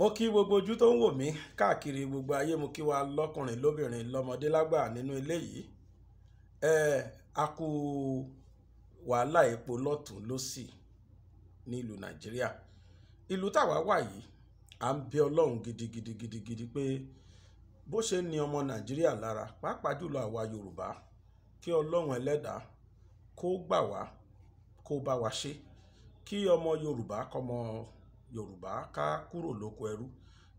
mo kí gbogbo ojú tó ń wò mí káàkiri gbogbo ayé mo kí wa lọkùnrin lóbìnrin lọmọdé lágbà nínú ilé yìí ẹ a kú wàhálà epo lọ́tún lọ́sì nílùú nàìjíríà ìlú táwa wà yìí à ń bí ọlọ́run gidigidi gidigidi pé bó ṣe ní ọmọ nàìjíríà lára pàápàá jùlọ àwa yorùbá kí ọlọ́run ẹlẹ́dàá kó gbà wá kó bá wa ṣe kí ọmọ yorùbá kọ́mọ yorùbá ká kúrò lóko ẹrú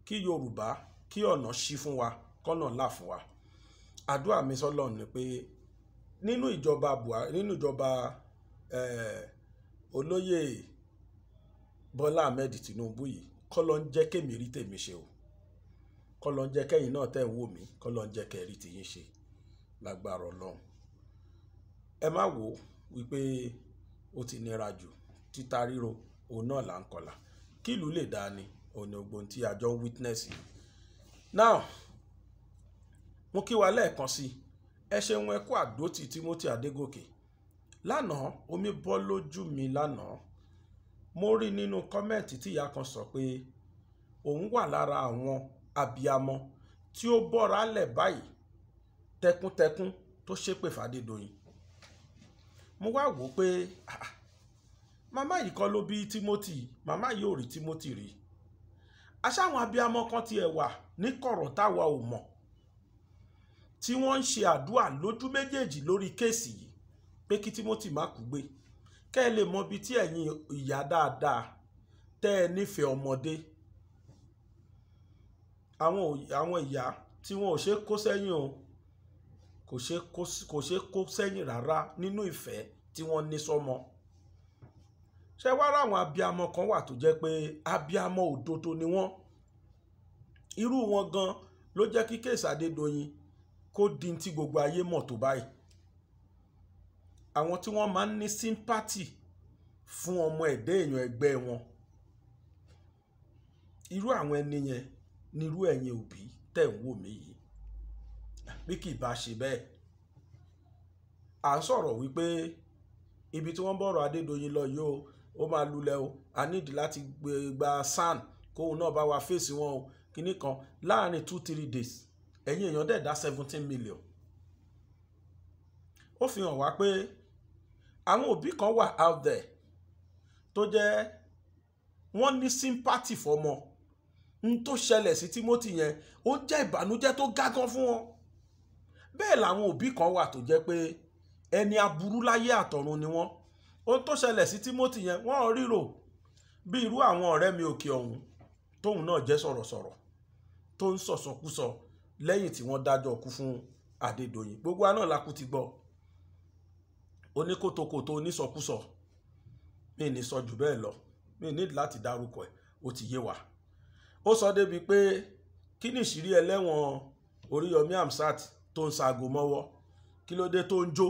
kí yorùbá kí ọ̀nà ṣí fún wa kọ́nà là fún wa àdúrà mi sọ́lọ̀ ni pé nínú ìjọba buhari nínú ìjọba eh, olóyè bọ́lá ahmed tinubu yìí kọ́lọ́ ń jẹ́ kémi rí tèmi ṣe o kọ́lọ́ ń jẹ́ kẹ́yìn náà tẹ̀ ń wò mí kọ́lọ́ ń jẹ́ kẹ́rí tìyín ṣe lágbára ọlọ́run ẹ má wò wípé ó ti nira jù títa ríro òun náà là ń kọlà kí ìlú lè dáa ni òní ogbon tí àjọ witness now mo kí wa lẹ́ẹ̀kan sí ẹ ṣeun ẹ kú àdótì Timothy Adégòkè lánàá omi bọ́ lójú mi lánàá mo rí nínú kọ́mẹ́ǹtì tí ìyá kan sọ pé òun wà lára àwọn abiyamọ tí ó bọ́ra lẹ̀ báyìí tẹkuntẹkun tó ṣépè fàdédoyin mo wá wò ó pé ah, màmá yìí kọ́ ló bí Timothy màmá yìí ò rí Timothy rí aṣáwọn abiyamọ kan tiẹ̀ wà ní kọ̀rọ̀ táwa ò mọ̀ tí wọ́n ń ṣe àdúrà lójú méjèèjì lórí kéèsì yìí pé kí Timothy má kú gbé kẹ́ ẹ lè mọ ibi tí ẹ̀yin ìyá dáadáa tẹ́ ẹ nífẹ̀ẹ́ ọmọdé àwọn ìyá tí wọn ò ṣe kó sẹ́yìn o kò ṣe kó sẹ́yìn rárá nínú ìfẹ́ tí wọ́n ní sọ́mọ. So ṣé wá ráwọn abiyamọ kan wà tó jẹ́ pé abiyamọ òdodo ni wọ́n irú wọn gan ló jẹ́ kí kéèsì Adédoyin kó di ti gbogbo ayé mọ̀ tó báyìí àwọn tí wọ́n máa ń ní sympathy fún ọmọ ẹ̀dẹ́ èèyàn ẹgbẹ́ wọn irú àwọn ẹni yẹn nírú ẹ̀yin òbí tẹ̀ ń wò mí yìí bí kì í bá ṣe bẹ́ẹ̀ à ń sọ̀rọ̀ wípé ibi tí wọ́n bọ̀rọ̀ Adédoyin lọ yìí o ó máa lulẹ̀ o a nídìí láti gba san kóun náà bá wa fèsì wọn o kínní kan láàrin two three days ẹ̀yin èèyàn dẹ̀ dá seventeen million ó fi hàn wá pé àwọn òbí kan wà out there tó jẹ́ wọ́n ní sympathy fọmọ n tó ṣẹlẹ̀ sí Timothy yẹn ó jẹ́ ìbànújẹ́ tó gágan fún wọn bẹ́ẹ̀ làwọn òbí kan wà tó jẹ́ pé ẹni aburú láyé àtọ̀run ni wọ́n ohun tó ṣẹlẹ̀ sí Timothy yẹn wọ́n ríro bí irú àwọn ọ̀rẹ́ mi òkè ọ̀hún tóun náà jẹ́ sọ̀rọ̀sọ̀rọ̀ tó ń sọ̀sọ̀kúsọ lẹ́yìn tí wọ́n dájọ́ kú fún Adédoyin gbogbo aná la kú ti gbọ́ oníkótókótó onísọkúsọ mi ní sọ jù bẹ́ẹ̀ lọ mi ní láti dárúkọ ẹ̀ ó ti yé wa ó sọ débi pé kí ni ìṣírí ẹlẹ́wọ̀n Oríyọmí Hamsat tó ń ṣaago mọ́wọ́ kí ló dé tó ń jó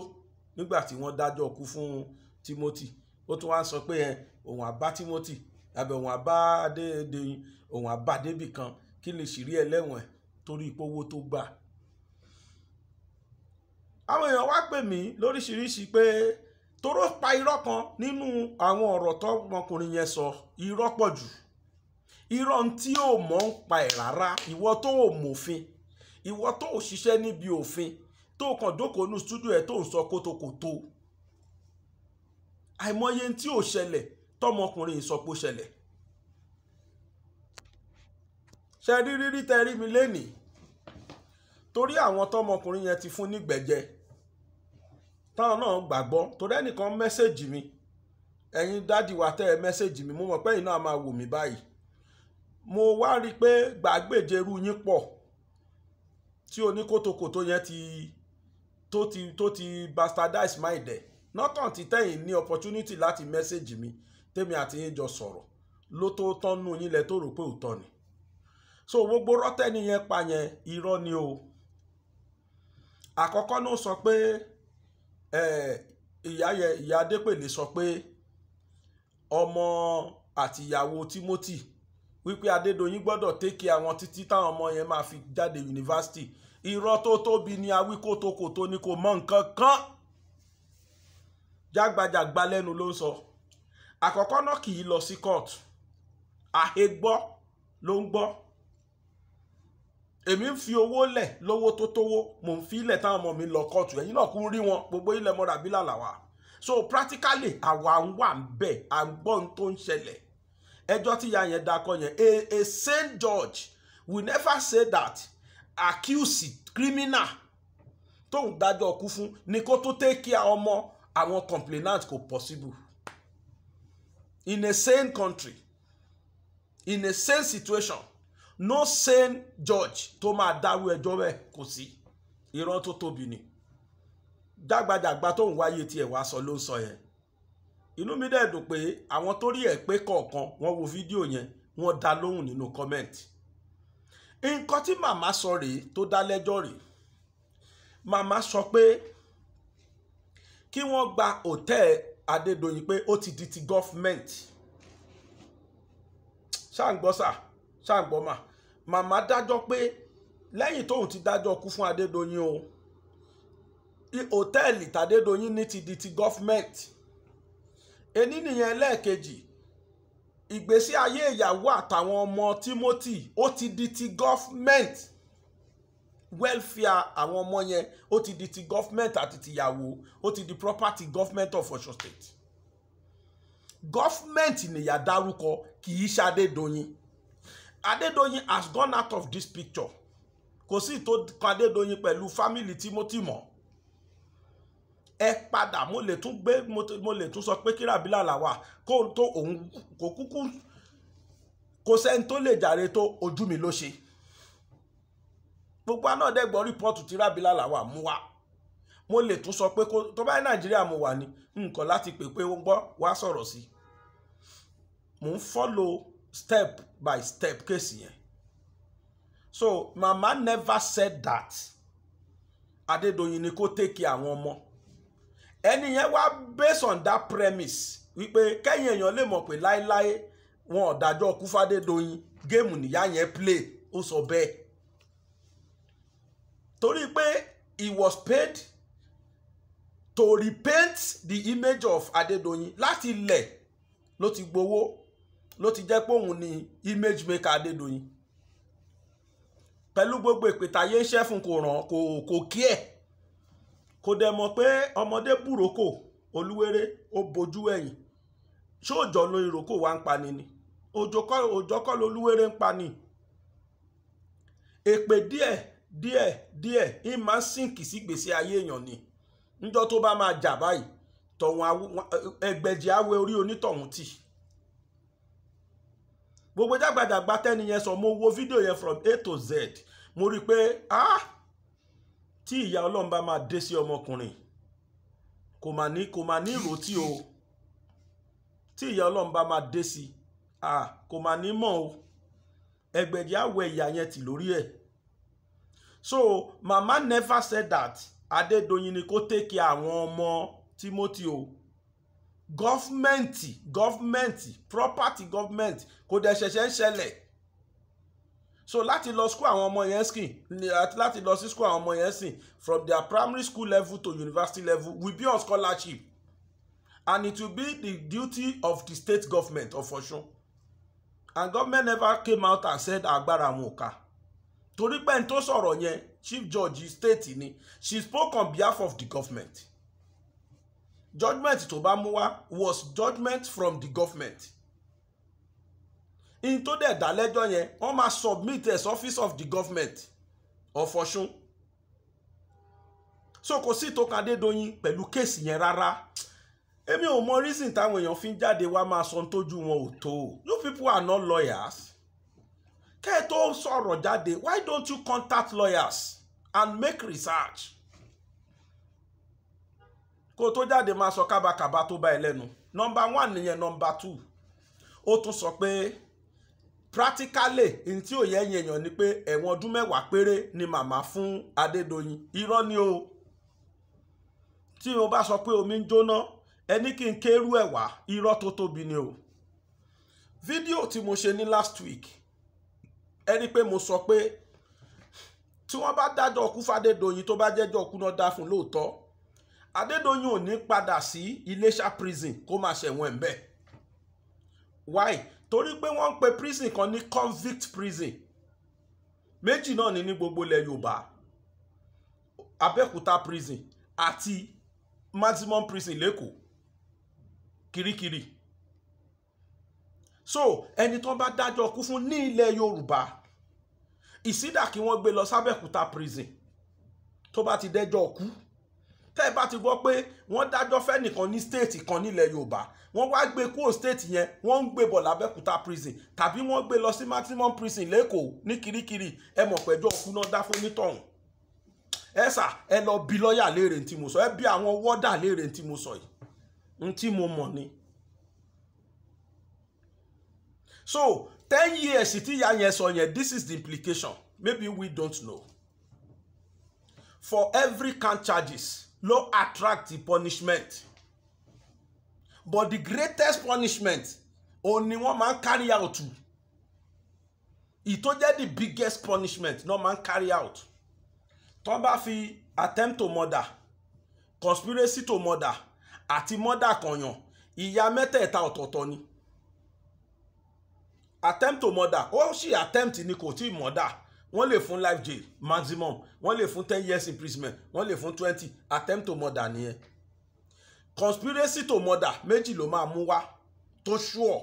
nígbà tí wọ́n dájọ́ kú fún un Timothy ó tún wá ń sọ pé ẹ òun àbá Timothy àbẹ̀ òun àbá Adédoyin òun àbá débì kan kí ni ìṣírí ẹlẹ́wọ̀n ẹ̀ torí ipò owó tó gbà. àwọn èèyàn wá pè mí lóríṣiríṣi pé toró pa irọ́ kan nínú àwọn ọ̀rọ̀ tọmọkùnrin yẹn sọ irọ́ pọ̀ jù irọ́ tí ò mọ̀ ń pa ẹ̀ rárá ìwọ tó ò mòfin ìwọ tó ò ṣiṣẹ́ níbi òfin tó kàn jókòó nu stúdíò ẹ̀ tó ń sọ kótókótó àìmọye tí ò ṣẹlẹ̀ tọmọkùnrin sọ pé ó ṣẹlẹ̀ ṣe rí rírí tẹ rí mi lénìí torí àwọn tọmọkùnrin yẹn ti fún nígbẹ̀jẹ táwọn náà gbàgbọ́ torí ẹnìkan mẹ́sẹ̀jì mi ẹ̀yin dádì wa tẹ́ ẹ mẹ́sẹ̀jì mi mo mọ̀ pé ẹ̀yin náà máa wò mí báyìí mo wá rí i pé gbàgbéje irú yín pọ̀ tí oníkótókótó yẹn ti tó ti tó ti bastardize my day nọ́kàn ti tẹ̀yìn ní opportunity láti mẹ́sẹ̀gì mi tèmi àti yín jọ sọ̀rọ̀ ló tó tọ́nu yín lẹ tó rò pé òótọ́ ni so gbogbo rọ́tẹ́ni yẹn pa yẹn irọ́ ni o àkọ́kọ́ náà sọ pé ìyá yẹn ìyá adépèlé sọ pé ọmọ àtìyàwó Timothy wípé Adédoyin gbọ́dọ̀ tẹ́kì àwọn títí táwọn ọmọ yẹn máa fi jáde yunifásitì irọ́ tó tóbi ni awíkótókò tó ní kò mọ nǹkan kan. kan jágbajàgba lẹ́nu ló ń sọ àkọ́kọ́ náà kì í lọ sí kóòtù àhegbọ́ ló ń gbọ́ èmi ń fi owó lẹ̀ lówó tó tówó mò ń fi ilẹ̀ táwọn ọmọ mi lọ kóòtù ẹ̀yin náà kú rí wọn gbogbo ilẹ̀ mọ́ra bí làlàwà so practically àwa ń wà ń bẹ̀ à ń gbọ́ ohun tó ń ṣẹlẹ̀ ẹjọ́ tí ya yẹn dakọ yẹn a a sane judge will never say that accused criminal tóun dájọ́ kú fún ni kó tó tẹ́ kí a ọmọ àwọn complainant kò possible in a sane country in a sane situation no sane judge tó máa dárú ẹjọ́ bẹ́ẹ̀ kò sí ìran tó tóbi ni dàgbàdàgbà tó ń wáyé tiẹ̀ wá sọ ló ń sọ yẹn inú mi dẹ̀ dùn pé àwọn tó rí ẹ̀ pé kọ̀ọ̀kan wọ́n wo fídíò yẹn wọ́n dá lóhùn nínú comment nǹkan tí màmá sọ rèé tó dá lẹ́jọ́ rèé màmá sọ pé kí wọ́n gba hòtẹ́ẹ̀ Adédoyin pé ó ti di ti gọ́fmẹ̀ntì ṣàǹgbọ́sà ṣàǹgbọ́mà màmá dájọ́ pé lẹ́yìn tóun ti dájọ́ kú fún Adédoyin o hòtẹ́ẹ̀lì tàdédoyin ní ti di ti gọ́fmẹ̀ntì ení nìyẹn lẹ́ẹ̀kejì ìgbésí ayé ìyàwó àtàwọn ọmọ Timothy ó ti di ti gọ́fmẹ̀ntì welfare àwọn ọmọ yẹn ó ti di ti government àti tìyàwó ó ti di property government of Ọ̀ṣun state government nìyà dárúkọ kì í ṣe Adédoyin Adédoyin has gone out of this picture kò sí tó kan Adédoyin pẹ̀lú fámìlì Timothy mọ́ ẹ padà mo lè tún gbé mo lè tún sọ pé kí Rábílà làwà kó tó òun kò kúkú kò sẹ́ni tó lè jàre tó ojú mi ló ṣe gbogbo àná dẹ́gbọ́ rìpọ́ọ̀tù tí rábìlà làwà mú wa mo lè tún sọ pé tó bá ní nàìjíríà mo wà ní nǹkan láti pè pé ó ń gbọ́ wá sọ̀rọ̀ sí mò ń follow step by step kéèsì yẹn so mama never said that Adédoyin ni kó tèkì àwọn ọmọ ẹni yẹn wá based on that premise wípé kẹ́yìn èèyàn lè mọ̀ pé láéláé wọn ò dájọ́ kúfádédoyin géèmù nìyá yẹn play ó sọ bẹ́ẹ̀ torí pé he was paid to repaint the image of Adédoyin láti ilẹ̀ ló ti gbowó ló ti jẹ́ pé òun ni image maker Adédoyin pẹ̀lú gbogbo ìpètàyé ń ṣẹ́ fún kò ràn kò kò kí ẹ̀ kò dẹ̀ mọ̀ pé ọmọdé bùrókò olúwéré ó bojú ẹ̀yìn ṣé òjò ló ìrókò wa ń pani ni òjò kọ́ òjò kọ́ lolúwéré ń pani èpè díẹ̀ díẹ̀ díẹ̀ ń máa ń sínkì sí gbèsè ayé èèyàn ni níjọ́ tó bá máa jà báyìí tọ̀hún ẹgbẹ̀jẹ̀ awẹ orí onítọ̀hún tì gbogbo jágbàjàgbà tẹ́ni yẹn sọ mo wo fídíò yẹn from a to z mo rí i pé ah tí ìyá ọlọ́run bá máa dé sí ọmọkùnrin kò mà ní kò mà ní ìròtí o tí ìyá ọlọ́run bá máa dé sí kò mà ní mọ̀ o ẹgbẹ̀jẹ̀ awẹ ìyá yẹn tì lórí ẹ̀ so mama never said that Adédoyin ni kó take care àwọn ọmọ Timothy o government, gọ́fmẹ̀ntì property government kò dẹ̀ ṣẹ̀ṣẹ̀ ń so láti lọ school àwọn ọmọ yẹn skin láti lọ sí school àwọn ọmọ yẹn skin from their primary school level to university level will be on scholarship and it will be the duty of the state government of Osun and government never came out and said agbára wọn ò ká torí pé n tó sọ̀rọ̀ yẹn chief judge state ni she spoke on behalf of the government judgment tó bá mú wá was judgment from the government in tó dẹ̀ dálẹ́jọ́ yẹn wọ́n máa submit as office of the government of Ọ̀ṣun so kò sí ìtọ́ka Adédoyin pẹ̀lú kéèsì yẹn rárá èmi ò mọ reason táwọn èèyàn fi ń jáde wá máa sọ ohun tójú wọn ò tó you people are not lawyers kẹ́ ẹ tó sọ̀rọ̀ jáde why don't you contact lawyers and make research kó o tó jáde máa sọ kábàkàbà tó bá ẹ lẹ́nu nọmba one nìyẹn nọmba two ó tún sọ pé practically n tí ò yẹ ẹ̀yin èèyàn ni pé ẹ̀wọ̀n ọdún mẹ́wàá péré ni màmá fún Adédoyin irọ́ ni o tí mo bá sọ pé omi ń jóná ẹni kí n kérú ẹ̀ irọ́ tó tóbi ni o fídíò tí mo ṣe ní last week ẹ rí i pé mo sọ pé tí wọ́n bá dájọ́ ọkú fàdédoyin tó bá jẹ́jọ́ ọkú náà dá fún lóòótọ́ adédoyin ò ní padà sí iléṣà prison kó máa ṣẹ̀wọ̀n ẹ̀ ń bẹ̀ why torí pé wọ́n ń pe prison kan ní convict prison méjì náà ní ní gbogbo ilẹ̀ yorùbá abẹ́òkúta prison àti maximum prison lẹ́kọ̀ọ́ kirikiri. Kiri so ẹni tó bá dájọ́ kú fún ní ilẹ̀ yorùbá ìsídà kí wọ́n gbé lọ sábẹ́kúta prison tó bá ti dẹ́jọ́ kú tẹ́ ẹ bá ti gbọ́ pé wọ́n dájọ́ fẹ́nìkan ní stéètì kan nílẹ̀ yorùbá wọ́n wá gbé kúrò stéètì yẹn wọ́n ń gbé bọ̀ lábẹ́kúta prison tàbí wọ́n gbé lọ sí maximum prison lẹ́kọ̀ọ́ ní kirikiri ẹ mọ̀ pẹ́jọ́ kú náà dá fún nítọ̀hún ẹ sà ẹ lọ bi lọ́ọ̀yà léèrè ntí mo sọ ẹ bi àwọn wọ́dà léèrè ntí mo sọ yìí ntí mo mọ̀ ni so ten years tí ìyá yẹn sọ yẹn this is the implication maybe we don't know for every count charges ló attract the punishment but the greatest punishment only one man carry out It only the biggest punishment no man carry out tó attempt to murder conspiracy to murder at the murder kọ̀ọ̀yàn ìyà mẹ́tẹ̀ẹ̀ta ọ̀tọ̀ọ̀tọ̀ ni attempt to murder ó sì attempt ni kò tí murder wọ́n lè fún life jail maximum wọ́n lè fún ten years imprisonment wọ́n lè fún twenty attempt to murder nìyẹn conspiracy to murder méjì ló máa mú wá tó sure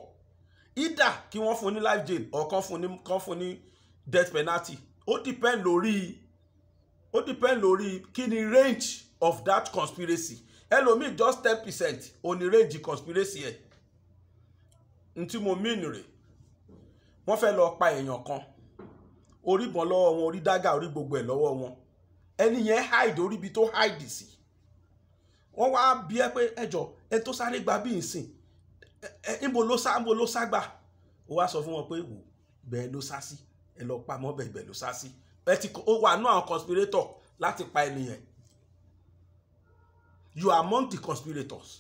either kí wọ́n fún ní life jail or kán fún ní kán fún ní death penalty ó depend lórí ó depend lórí kí ni range of that conspiracy ẹlòmíì just ten percent ò ní range conspiracy ẹ̀ ntí mo mean rèé wọ́n fẹ́ lọ pa èèyàn kan orí bọ́n lọ́wọ́ wọn orí dágà orí gbogbo ẹ̀ lọ́wọ́ wọn ẹni yẹn hide orí ibi tó hide sí wọ́n wá bí ẹ pé ẹjọ́ ẹ tó sáré gba bí ìsìn ẹ níbo ló sá níbo ló sá gbà ó wá sọ fún wọn pé wò bẹ́ẹ̀ ló sá sí ẹ lọ pa mọ́ bẹ́ẹ̀ bẹ́ẹ̀ ló sá sí ẹ ti ó wà nú àwọn conspirator láti pa ẹni yẹn you are among the conspirators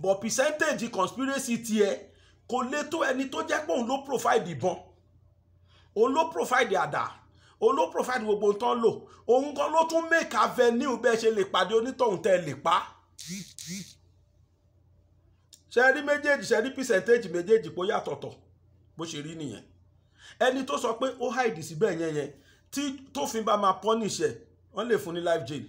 but percentage conspiracy tiẹ̀ kò lè tó ẹni tó jẹ́ pé òun ló provide ìbọn òun ló provide àdá òun ló provide gbogbo tán lò òun kan ló tún make avenue bẹ́ẹ̀ ṣe lè pàdé onítọ̀hún tẹ́ lè pa ṣẹ́rí méjèèjì ṣẹ́rí percentage méjèèjì kó yàtọ̀tọ̀ bó ṣe rí nìyẹn ẹni tó sọ pé ó hide síbẹ̀ yẹn yẹn tí tó fi bá máa punish ẹ̀ wọ́n lè fún ní life jail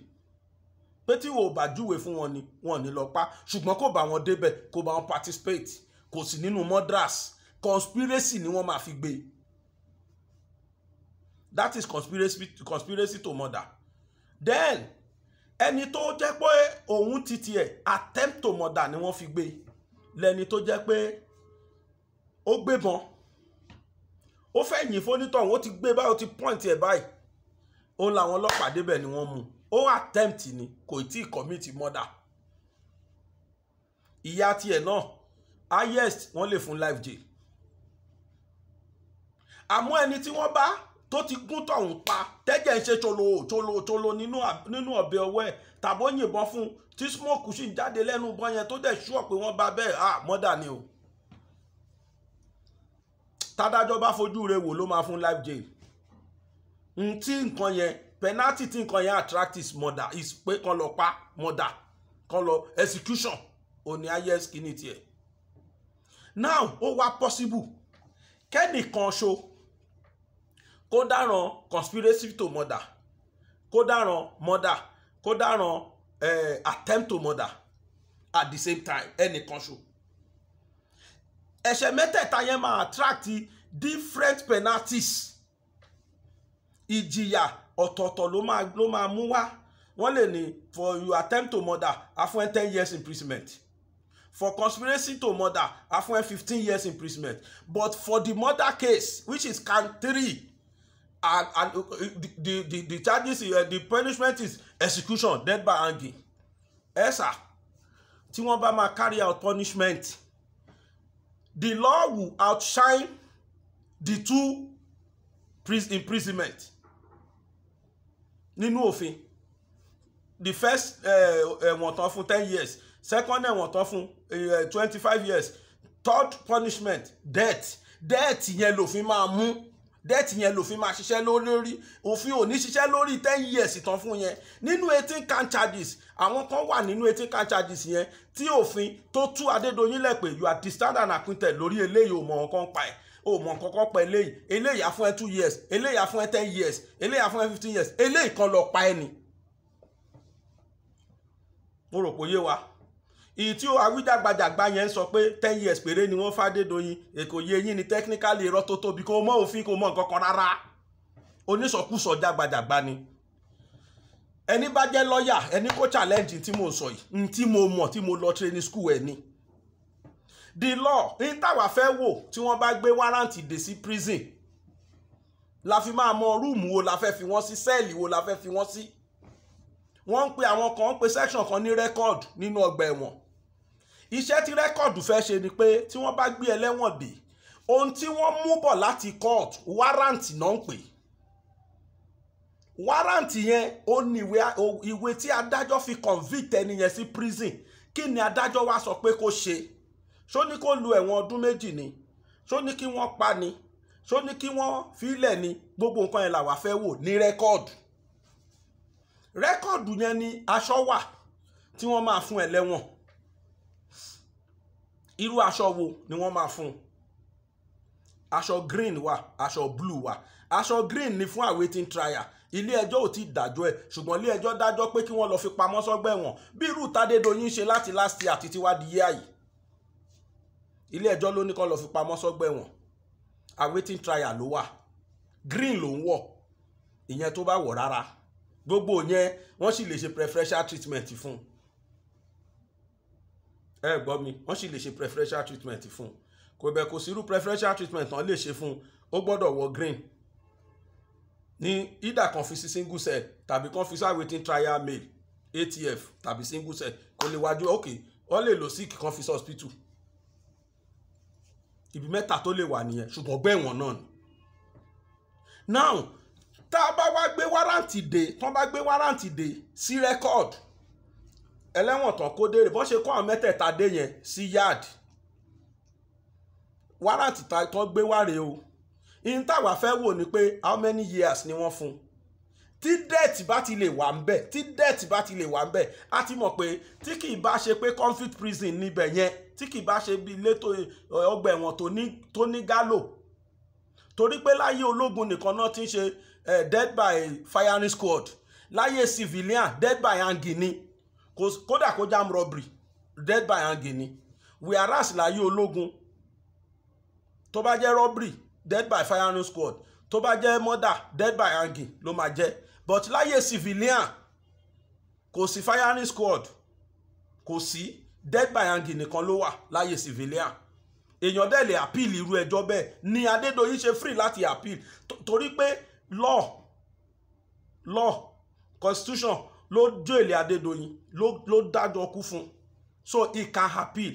pé tí wò ó bá júwe fún wọn ni wọn ò ní lọ pa ṣùgbọ́n kò bá wọn débẹ̀ kò bá wọn participate kò sí nínú mudras conspiracy ni wọ́n máa fi gbé that is conspiracy, conspiracy to murder then ẹni tó jẹ́ pé òun ti tiẹ̀ attempt to murder ni wọ́n fi gbé lẹ́ni tó jẹ́ pé ó gbébọn ó fẹ́ yìn fónítọ̀ ó ti gbé báyìí ó ti point ẹ̀ báyìí òun làwọn ọlọ́pàá débẹ̀ ni wọ́n mú ó attempt ni kò tí ì commit murder ìyá tiẹ̀ náà highest wọ́n lè fún life jail àmọ́ ẹni tí wọ́n bá tó ti gún tọ̀hún pa tẹ́jẹ̀ ń ṣe cholo cholo cholo nínú ọ̀bẹ ọwọ́ ẹ̀ tàbó yìnbọn fún tí smoke sì ń jáde lẹ́nu bọ́ yẹn tó dẹ̀ ṣúọ̀ pé wọ́n bá bẹ́ẹ̀ ah mọ́dà ni o tádájọ́ bá fojú rẹ̀ wò ló máa fún life jail n tí nǹkan yẹn penalty tí nǹkan yẹn attract is murder is pé kan lọ pa murder kan lọ execution òní ayé skinny tiẹ̀ now ó wá possible kẹ́nìkan ṣo kó dáràn conspiracy to murder kó dáràn murder kó dáràn eh, attempt to murder at the same time ẹnìkan ṣo ẹ̀ṣẹ̀ mẹ́tẹ̀ẹ̀ta yẹn máa attract different penalties ìjìyà ọ̀tọ̀ọ̀tọ̀ ló máa ló máa mú wá wọ́n lè ní for you attempt to murder a ten years imprisonment for conspiracy to murder a fún fifteen years imprisonment but for the murder case which is count three and and uh, uh, the the the charges uh, the punishment is execution death by hanging ẹ sà tí wọ́n bá máa carry out punishment the law will outshine the two imprisonment nínú òfin the first eh, eh, ẹ̀wọ̀n tán fún ten years second ẹ̀wọ̀n tán fún Eh, twenty five years third punishment death death yẹn lòfin máa mú death yẹn lòfin máa ṣiṣẹ́ lórí òfin ò ní ṣiṣẹ́ lórí ten years ìtàn fún yẹn nínú eighteen can charges àwọn kan wà nínú eighteen can charges yẹn tí òfin tó tú Adédoyin lẹ̀ pé you are discharged and acquitted lórí eléyìí ò mọ̀ nǹkan pa ẹ̀ o mọ nǹkan kan pa eléyìí eléyìí á ẹ two years eléyìí á ẹ ten years eléyìí á ẹ fifteen years eléyìí kan lọ pa ẹni mo rò pé yé wa ìtí àwíjàgbàjàgbà yẹn sọ pé ten years péré ni wọ́n fàdédoyin èkó yé yín ni technically irọ́ tó tóbi kó mọ òfin kó mọ nǹkan kan rárá onísọkúsọ jàgbàjàgbà ni ẹni bá jẹ́ lọ́ọ̀yà ẹni kó challenge tí mo sọ yìí tí mo mọ̀ tí mo lọ training school ẹ̀ ni the law ní táwa fẹ́ wò tí wọ́n bá gbé warrant dè sí prison la fi máa mọ rúùmù wo la fẹ́ fi wọ́n sí sẹ́ẹ̀lì wo la fẹ́ fi wọ́n sí wọ́n ń pe àwọn kan ń pe section kan ní record. nínú ọgbà ẹ̀wọ̀n iṣẹ́ tí rẹ́kọ̀dù fẹ́ ṣe ni pé tí wọ́n bá gbé ẹlẹ́wọ̀n dè ohun tí wọ́n mú bọ̀ láti court warrant náà ń pè warrant yẹn ó ní ìwé tí adájọ́ fi convict ẹni yẹn sí prison kí ni adájọ́ wá sọ pé kó ṣe ṣó ní kó lu ẹ̀wọ̀n ọdún méjì ni ṣó ní kí wọ́n pa ni ṣó ní kí wọ́n filẹ̀ ni gbogbo nǹkan yẹn làwa fẹ́ wò ní rẹ́kọ̀dù rẹ́kọ̀dù yẹn ni aṣọ wà tí wọ́n máa fún ẹlẹ́wọ̀n irú aṣọ wo ni wọ́n máa fún un aṣọ green wà aṣọ blue wà aṣọ green ni fún awaiting trial ilé ẹjọ́ ò ti dájọ́ ẹ̀ ṣùgbọ́n ilé ẹjọ́ dájọ́ pé kí wọ́n lọ fi pamọ́ sọ́gbà ẹ̀wọ̀n bí irú Tádédoyin ṣe láti last year àti tiwa di yé àyè ilé ẹjọ́ ló ní kó lọ fi pamọ́ sọ́gbà ẹ̀wọ̀n awaiting trial ló wà green ló ń wọ̀ ìyẹn tó bá wọ̀ rárá gbogbo yẹn wọ́n sì lè ṣe preferential treatment fún un ẹ gbọ́ mi wọ́n sì lè ṣe preferential treatment fún un kò bẹ̀ kò sí irú preferential treatment tán lè ṣe fún un ó gbọ́dọ̀ wọ green ní ìdá kan fi sí single cell tàbí kan fi sí awaiting trial mail atf tàbí single cell kò lè wájú ok wọ́n lè lò sí kan fi sí hospital ibi mẹ́ta tó lè wà nìyẹn ṣùgbọ́n ọgbẹ́ ẹ̀wọ̀n náà ni now tá a bá wá gbé wárántì dé tán bá gbé wárántì dé sí rẹ́kọ́ọ̀dù ẹlẹ́wọ̀n tán kó dèrè bọ́n ṣe kó àwọn mẹ́tẹ̀ẹ̀ta dé yẹn sí yard wárántì tán gbé wáre o ihun táwa fẹ́ wò ni pé how many years ni wọ́n fún un tí dẹ́ẹ̀tì bá ti lè wà ń bẹ̀ tí dẹ́ẹ̀tì bá ti lè wà ń bẹ̀ a ti mọ̀ pé tí kì í bá ṣe pé conflict prison níbẹ̀ yẹn tí kì í bá ṣe bí ilé ọgbà ẹ̀wọ̀n tó ní gálò torí pé láyé ológun nìkan náà ti ń ṣe eh, dead by firing squad láyé civilian dead by hanging ni kódà kó jam robbery death by hanging ni whereas láyé ológun tó bá jẹ́ robbery dead by firing squad tó bá jẹ́ murder death by hanging ló máa jẹ́ but láyé civilian kò sí firing squad kò sí death by hanging nìkan ló wà láyé civilian èèyàn dẹ̀ lè appeal irú ẹjọ́ bẹ́ẹ̀ ni Adédoyin ṣe free láti appeal torí pé law law constitution ló jó èlé adédọ̀yìn ló dájọ́ kú fún so he can appeal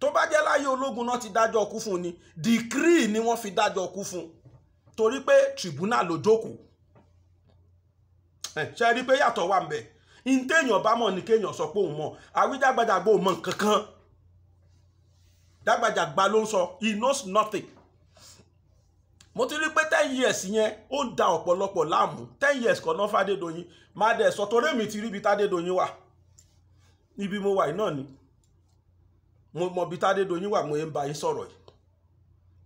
tó bá jẹ́ láyé ológun náà ti dájọ́ kú fún ni decree ni wọ́n fi dájọ́ kú fún torí pé tribunal ló jókòó ṣe rí pé yàtọ̀ wà ń bẹ̀ ntẹ̀yàn bá mọ̀ ní kéèyàn sọ pé òun mọ̀ àwíjàgbàjàgbà ò mọ̀ nǹkan kan dàgbàjàgbà ló ń sọ he knows nothing mo ti rí pé ten years yẹn ó ń da ọ̀pọ̀lọpọ̀ láàmú ten years kan náà fàdédoyin máa dẹ̀ sọ torí èmi ti rí ibi tádédoyin wà ibi mo wà náà ni mo mọ ibi tádédoyin wà mo ń bá yín sọ̀rọ̀ yìí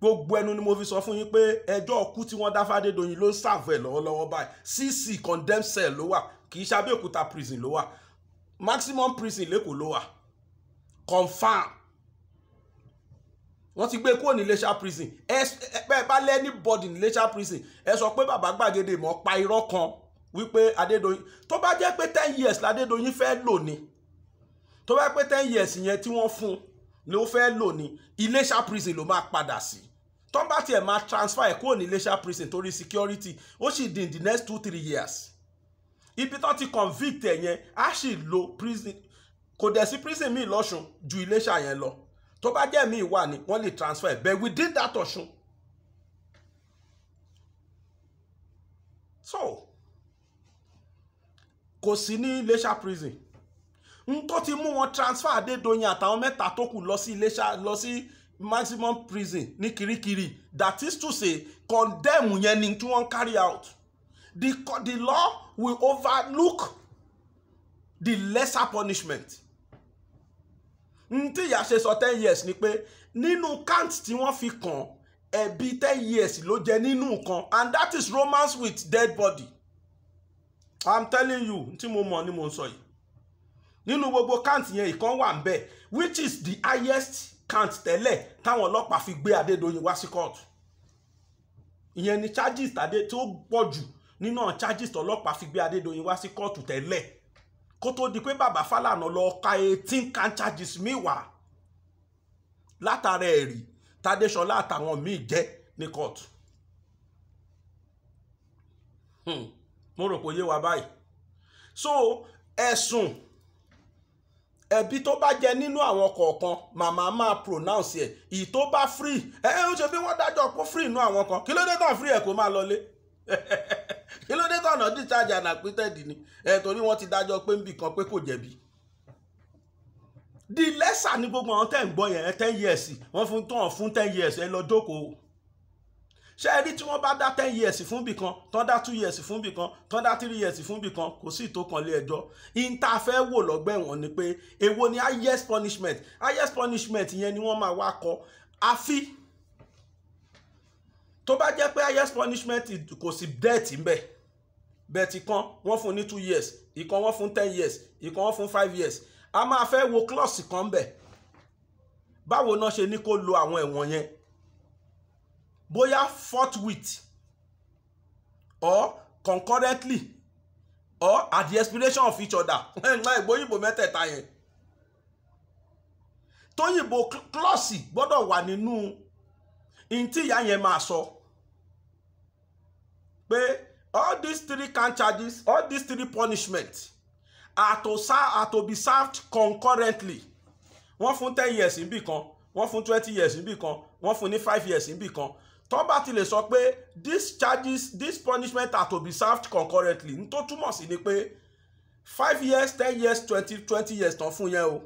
gbogbo ẹnu ni mo fi sọ fún yín pé ẹjọ́ ọkú tí wọ́n dá fàdédoyin ló ń sàvọ̀ ẹ̀ lọ́wọ́lọ́wọ́ báyìí cc condemn cell ló wà kì í ṣe Abẹ́òkúta prison ló wà maximum prison lẹ́kọ̀ọ́ ló wà confam wọ́n ti gbé kúrò ní Iléṣà prison ẹ bẹ́ẹ̀ bá lẹ́ni bọ́dì ní Iléṣà prison ẹ sọ pé bàbá gbàgede mọ̀ pa irọ́ kan wípé Adédoyin tó bá jẹ́ pé ten years l'Adédoyin fẹ́ lò ní tó bá pé ten years yẹn tí wọ́n fún ni ó fẹ́ lò ní Iléṣà prison ló máa padà sí tó bá tiẹ̀ máa transfer ẹ̀ kúrò ní Iléṣà prison torí security ó sì dín the next two three years ibi tó ti convict ẹ̀ yẹn á sì lo prison kò dẹ̀ sí prison míì lọ́sùn ju Iléṣà yẹn lọ tó bá jẹ́ mi wà ní wọ́n lè transfer but we did that Ọ̀ṣun. so kò sí ní Iléṣà prison n tó ti mú wọn transfer Adédoyin àtàwọn mẹ́ta tó kù lọ sí Iléṣà lọ sí maximum prison ní Kirikiri that is to say condemn yẹn ni tí wọ́n carry out the, the law will overlook the lesser punishment n tí ìyá ṣe sọ ten years ni pé nínú count tí wọ́n fi kàn ẹ̀bi ten years ló jẹ nínú nǹkan and that is romance with dead body I am telling you tí mo mọ̀ ni mo ń sọ yìí nínú gbogbo count yẹn ìkan wà ń bẹ̀ which is the highest count tẹ́lẹ̀ táwọn ọlọ́pàá fi gbé Adédoyin wá sí court ìyẹn ni charges tàdé tí ó pọ̀ jù nínú charges tọ́lọ́pàá fi gbé Adédoyin wá sí court tẹ́lẹ̀ kó tó di pé bàbá Fálànà lọ ka eighteen can charges mi wá látara ẹ̀rí Tádéṣọlá àtàwọn míì jẹ́ ní kóòtù hmm, mo rò pé ó yé wa báyìí so ẹ̀sùn ẹ̀bi tó bá jẹ nínú àwọn kọ̀ọ̀kan màmá máa pronounce ẹ̀ ìyí tó bá free ẹ̀ ẹ̀ ń ṣe bí wọ́n dájọ́ pé free inú àwọn kan kí ló dé tán free ẹ̀ kó máa lọlé àná discharge and acquitted ni ẹ̀ torí wọ́n ti dájọ́ pé ń bì kan pé kò jẹ̀bi di lẹ́sà ní gbogbo àwọn tẹ́ ń gbọ́ yẹn ten years wọ́n fún tán fún ten years ẹ lọ jókòó ṣé ẹ rí tí wọ́n bá dá ten years fún bì kan tán dá two years fún bì kan tán dá three years fún bì kan kò sí ìtókanlé ẹjọ́ ìntàfẹ́ wò lọ́gbẹ́ wọn ni pé èwo ni highest punishment highest punishment yẹn ni wọ́n máa wá kọ àfi tó bá jẹ́ pé highest punishment kò sí death ń bẹ bẹ́ẹ̀ ti kan wọ́n fún ní two years ìkan wọ́n fún ten years ìkan wọ́n fún five years a máa fẹ́ wo klọ́ọ̀sì kan bẹ̀ báwo náà ṣe ní kó lo àwọn ẹ̀wọ̀n yẹn bóyá forthwith or concurrently or at the expiration of each other ẹ̀ǹgbọ́n ìgbóyìnbó mẹ́tẹ̀ẹ̀ta yẹn tóyìnbó klọ́ọ̀sì gbọ́dọ̀ wà nínú ntí ìyá yẹn máa sọ pé all these three count charges all these three punishments are to serve are to be served concurrently One for ten years in kan one for twenty years in kan one for ní five years in kan tó bá ti lè these charges these punishments are to be served concurrently ní tó túmọ̀ sí ni pé five years ten years twenty twenty years tán fun yẹn o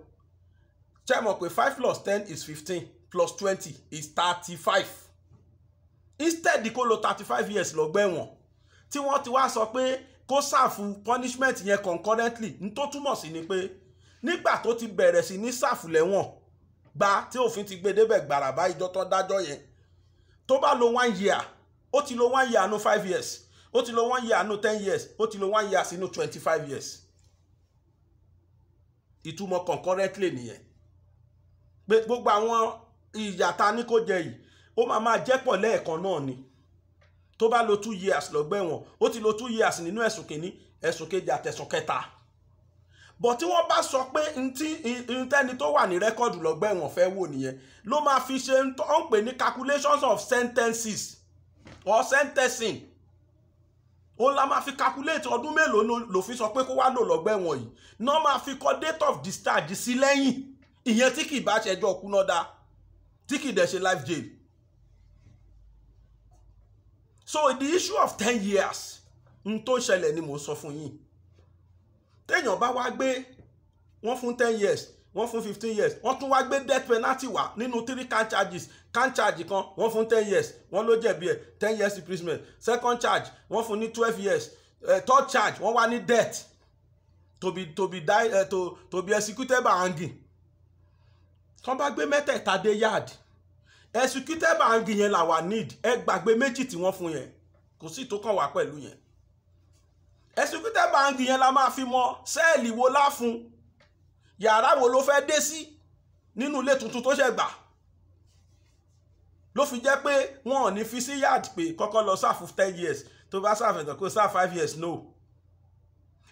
ṣe mọ̀ pé five plus ten is fifteen plus twenty is thirty-five instead kó lò thirty-five years lọ gbẹ̀wọ̀n tí wọ́n ti wá sọ pé kó ṣàfù punishment yẹn concurrently ní tó túmọ̀ sí ni pé nígbà tó ti bẹ̀rẹ̀ sí ní ṣàfù lẹ́wọ̀n gba tí òfin ti gbé débẹ̀ gbàràbá ìjọ tó dájọ́ yẹn tó bá lo one year ó ti lo one year no five years ó ti lo one year no ten years ó ti lo one year sínú twenty five years ìtumọ̀ concurrently nìyẹn pé gbogbo àwọn ìyàtà ní kò jẹ yìí ó máa máa jẹ́ pọ̀ lẹ́ẹ̀kan náà ni tó bá lo two years lọ́gbà ẹ̀wọ̀n ó ti lo two years nínú ẹ̀sùn kìíní ẹ̀sùn kejì àtẹ̀sùn kẹta bọ̀ tí wọ́n bá sọ pé ntẹ́ni tó wà ní rẹ́kọ́ọ̀dù lọ́gbà ẹ̀wọ̀n fẹ́ wò nìyẹn ló máa fi ṣe ń pè ní calculations of sentences or sentencing òun la máa fi calculate ọdún mélòó lòfin sọ pé kó wá lò lọ́gbà ẹ̀wọ̀n yìí náà máa fi kọ date of discharge sí lẹ́yìn ìyẹn tí kì í bá ṣẹjọ́ kúná dá tí kì í dẹ̀ ṣe life jail so the issue of ten years n tó ṣẹlẹ̀ ni mò ń sọ fún yín téèyàn bá wá gbé wọ́n fún ten years wọ́n fún fifteen years wọ́n tún wá gbé death penalty wá nínú three can charges can charge kan wọ́n fún ten years wọ́n ló jẹ̀bi ẹ̀ ten years imprisonment second charge wọ́n fún ní twelve years uh, third charge wọ́n wá ní death to be to be die uh, to to be executed by hanging tán bá gbé mẹ́tẹ̀ẹ̀ta dé yard executed bang yẹn là wà need ẹ gbàgbé méjì tí wọ́n fún yẹn kò sí tó kàn wá pẹ̀lú yẹn executed bang yẹn la máa fi mọ sẹ́ẹ̀lì wo láfun yàrá wo ló fẹ́ dé sí nínú ilé tuntun tó ṣẹ̀ gbà ló fi jẹ́ pé wọn ò ní fi sí yard pé kọ́kọ́ lọ sáà fún ten years tó bá sáà fẹ̀tàn kó sáà five years no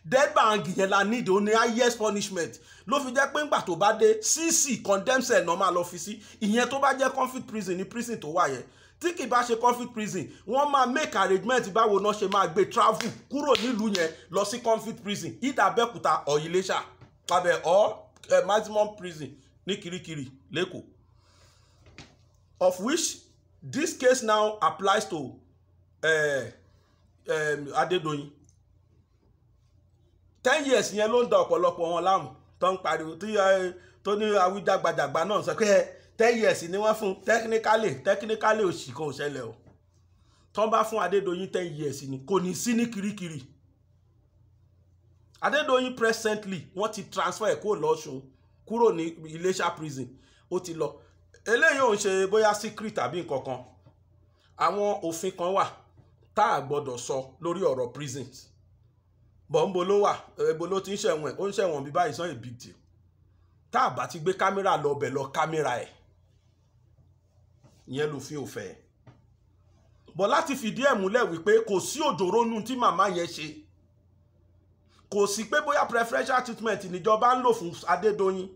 dead bang yẹn la need ó ní highest punishment ló fi jẹ́ pé ńgbà tó bá dé cc condemn cell náà máa lọ fi sí ìyẹn tó bá jẹ́ conflict prison ní prison tó wà yẹn tí kì bá ṣe conflict prison wọ́n máa make arrangement báwo náà ṣe máa gbé travel kúrò nílùú yẹn lọ sí conflict prison ìdàbẹ́kúta ọ̀yìnlẹ́ṣà abẹ ọ eh, maximum prison ní Kirikiri lẹ́kọ̀ọ́ of which this case now applies to uh, eh, um, eh, Adedoyin ten years yẹn ló ń da ọ̀pọ̀lọpọ̀ wọn láàmú tó ń pariwo tó ní awíjàgbàjàgbà náà sọ pé ten years ni wọ́n fún technically technically òsì kan ò ṣẹlẹ̀ o tó ń bá fún Adédoyin ten years ni kò ní sí ní Kirikiri Adédoyin presently wọ́n ti transfer ẹ̀ kó lọ́sùn kúrò ní Iléṣà prison ó ti lọ eléyìí ò ń ṣe bóyá secret àbí nǹkan kan àwọn òfin kan wà tá a gbọ́dọ̀ sọ lórí ọ̀rọ̀ prisons bọ̀ ń bo ló wà ebo ló ti ń ṣẹ̀wọ̀n ó ń ṣẹ̀wọ̀n bí báyìí sàn ìbìtì tá a bá ti gbé kámẹ́rà lọ ọbẹ̀ lọ kámẹ́rà ẹ̀ ìyẹn lòfin ò fẹ́ bọ̀ láti fìdí ẹ̀ múlẹ̀ wípé kò sí òjòrónú tí màmá yẹn ṣe kò sí pé bóyá preferential treatment níjọba ń lò fún Adédoyin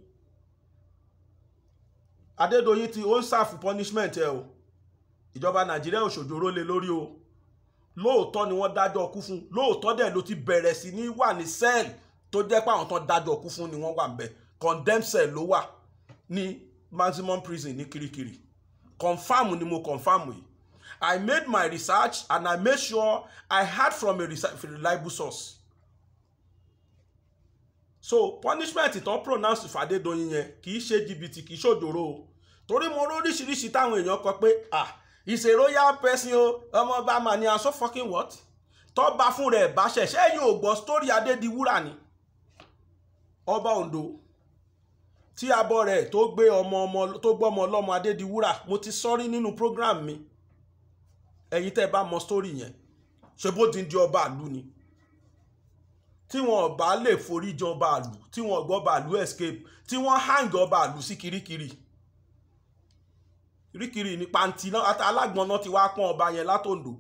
Adédoyin ti ó ń ṣàfù punishment ẹ o ìjọba Nàìjíríà ò ṣòjòrò lé lórí o lóòótọ́ ni wọ́n dájọ́ ọkú fún lóòótọ́ dẹ̀ ló ti bẹ̀rẹ̀ sí ní wà ní sẹ́ẹ̀lì tó jẹ́ pé àwọn tán dájọ́ ọkú fún ni wọ́n wà ń bẹ̀ condemn ló wà ní maximum prison ní Kirikiri confirm ni mo confirm yìí I made my research and I made sure I heard from a reliable source so punishment tán pronounce fàdédoyin yẹn kì í ṣe jìbìtì kì í ṣòdòrò o torí mo róríṣiríṣi táwọn èèyàn kọ pé ah is a royal person o oh. ọmọ ọba mà ní aṣọ fucking what tọ́ba fún rẹ̀ bá ṣẹ̀ ṣé yóò gbọ́ story adédiwúrà ni ọba Ondo tí abọ́ rẹ̀ tó gbé ọmọ ọmọ tó gbọ́ ọmọ di adédiwúrà mo ti sọ́rí nínú program mi ẹ̀yin tẹ́ ẹ bá mọ story yẹn ṣe bó ti ń di ọba àlú ni tí wọn bá lè forí jọba àlù tí wọn gbọ́ bàálù escape tí wọ́n hang ọba àlù sí kirikiri. Si ríkìrì ní pàǹtí alágbọ̀n ti wá pọ́n ọba yẹn látòǹdó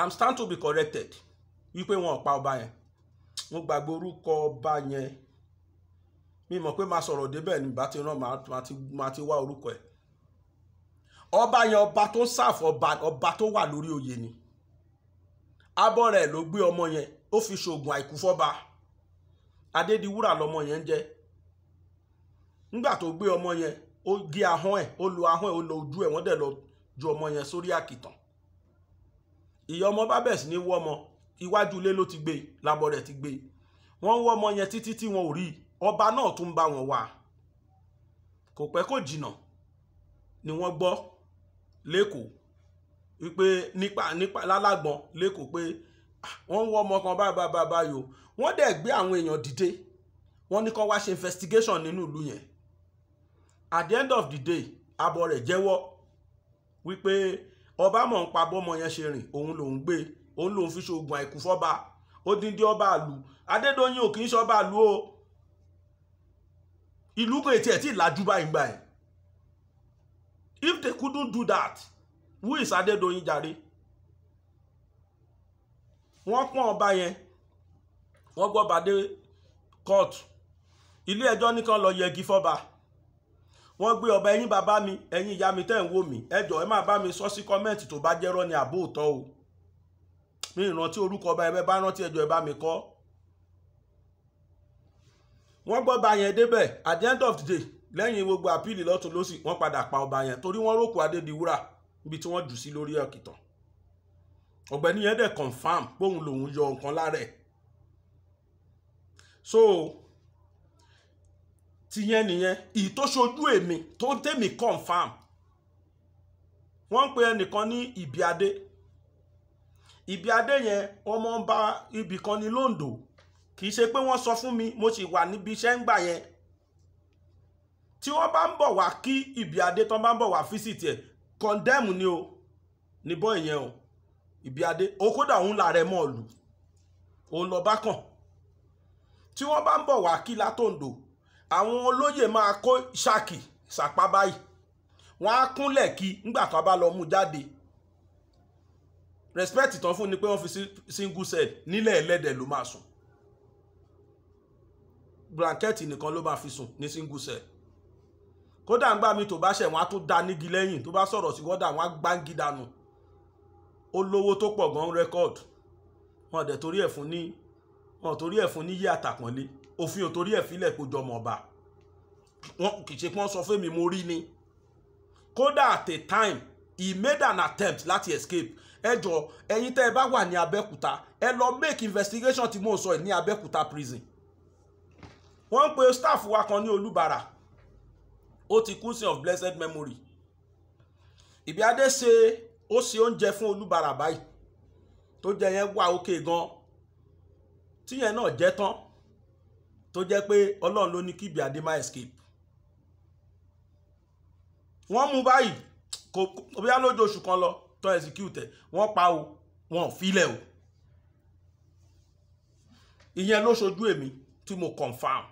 i'm stand to be corrected wípé wọn ò pa ọba yẹn mo gbàgbé orúkọ ọba yẹn mi mọ̀ pé máa sọ̀rọ̀ débẹ̀ ní bá ti rán máa ti wá orúkọ ẹ̀ ọba yẹn ọba tó ń sáàfù ọba tó wà lórí oyè ni abọ́ rẹ̀ ló gbé ọmọ yẹn ó fi ṣoògùn àìkú fọ́ba adédiwúrà lọmọ yẹn ń jẹ́ nígbà tó gbé ọmọ yẹn ó gé ahọ́n ẹ̀ ó lo ahọ́n ẹ̀ ó lo ojú ẹ̀ wọ́n dẹ̀ lọ ju ọmọ yẹn sórí àkìtàn ìyá ọmọ bá bẹ̀rẹ̀ sí ní wọ́ ọmọ iwájú ilé ló ti gbé labọ́ rẹ̀ ti gbé wọ́n ń wọ́ ọmọ yẹn títí tí wọn ò rí ọba náà tún bá wọn wá kò pẹ́ kò jìnà ni wọ́n gbọ́ lẹ́kọ̀ọ́ wípé nípa nípa lálàgbọ́n lẹ́kọ̀ọ́ pé ah, wọ́n ń wọ́ ọmọ kan bá bá bá báyò wọ́n dẹ̀ gbé àwọn èèyàn dìde wọ́n ní kó wá ṣe investigation nínú ìlú yẹn at the end of the day abọ rẹ̀ jẹ́wọ́ wípé ọba mọ̀ ń pa bọ́mọ yẹn ṣe rìn òun lòún gbé òun lòún fi ṣoògùn àìkú fọ́ba odindi ọba àlù adédọ́yìn ò kì í ṣọba àlù o ìlú kan ètí ẹ̀ tí ìlàjú báyìí gbà ẹ̀ if they couldn't do that who is adédọ́yìn jàre wọ́n pọ́n ọba yẹn wọ́n gbọ́ bàdé court ilé ẹjọ́ nìkan lọ yẹgi fọ́ba wọ́n gbé ọba ẹ̀yin bàbá mi ẹ̀yin ìyá mi tẹ́ ń wò mí ẹ jọ̀ọ́ ẹ máa bá mi sọ sí kọ́mẹ́ǹtì tó bá jẹ́rọ́ ni àbó òtọ́ o mi ìrántí orúkọ ọba ẹ̀bẹ́ bá rántí ẹ jọ̀ọ́ ẹ bá mi kọ́ wọ́n gbọ́ ọba yẹn débẹ̀ at the end of the day lẹ́yìn gbogbo àpíìlì lọ́tún lọ́sì wọ́n padà pa ọba yẹn torí wọ́n rókò adédiwúrà níbi tí wọ́n jù sí lórí ọ̀kìtàn ọ̀gbẹ́ni yẹn dẹ̀ confam póun lòun yọ nǹkan lára ẹ̀ so tìyẹn nìyẹn èyí tó ṣojú èmi tó ń tèmi confam wọ́n ń pe ẹnìkan ní ìbíadé ìbíadé yẹn ọmọ ń bá ibì kan ní londo kì í ṣe pé wọ́n sọ fún mi mo sì wà níbi iṣẹ́ ń gbà yẹn tí wọ́n bá ń bọ̀ wá kí ìbíadé tán bá ń bọ̀ wá físìtì ẹ̀ kọ́ndẹ́mù ni o ní bọ́ ìyẹn o ìbíadé o kódà òun là rẹ mọ́ ọ̀lù òun lọ bá kàn tí wọ́n bá ń bọ̀ wá kí látòǹdò àwọn olóyè máa kó ṣáàkì sàpá báyìí wọ́n á kúnlẹ̀ kí nígbà tó bá lọ mú jáde respect tán fún ni pé wọ́n fi single cell nílẹ̀ ẹlẹ́dẹ̀ ló máa sùn blanket nìkan ló máa fi sùn ní single cell kódà ń gbà mí tó bá ṣẹ̀ wọ́n á tún da nígi lẹ́yìn tó bá sọ̀rọ̀ sí wọ́dà wọ́n á gbáǹgì dànù ó lówó tó pọ̀ gan rẹ́kọ̀d wọn dẹ̀ torí ẹ̀ fún ní wọn torí ẹ̀ fún ní yí àtàpọ̀nlé òfin ò torí ẹ̀ filẹ̀ kó jọmọ ọba wọn kì í ṣe pé wọ́n sọ fún mi mo rí ni kódà at a time he made an attempt láti escape ẹ jọ ẹ̀yin tẹ́ ẹ bá wà ní Abẹ́òkúta ẹ lọ make investigation tí mò ń sọ ẹ̀ ní Abẹ́òkúta prison wọ́n ń pe staff wa kan ní Olúbàrà ó ti kú sin of blessed memory ìbí adé ṣe ó ṣe oúnjẹ fún Olúbàrà báyìí tó jẹ yẹn wà òkè gan tíyẹn náà jẹ tán tó jẹ́ pé ọlọ́run ló ní kí adé má escape wọ́n mú báyìí kò bóyá lójú oṣù kan lọ tó execute wọ́n pa o wọn filẹ̀ o ìyẹn ló ṣojú èmi tí mo confam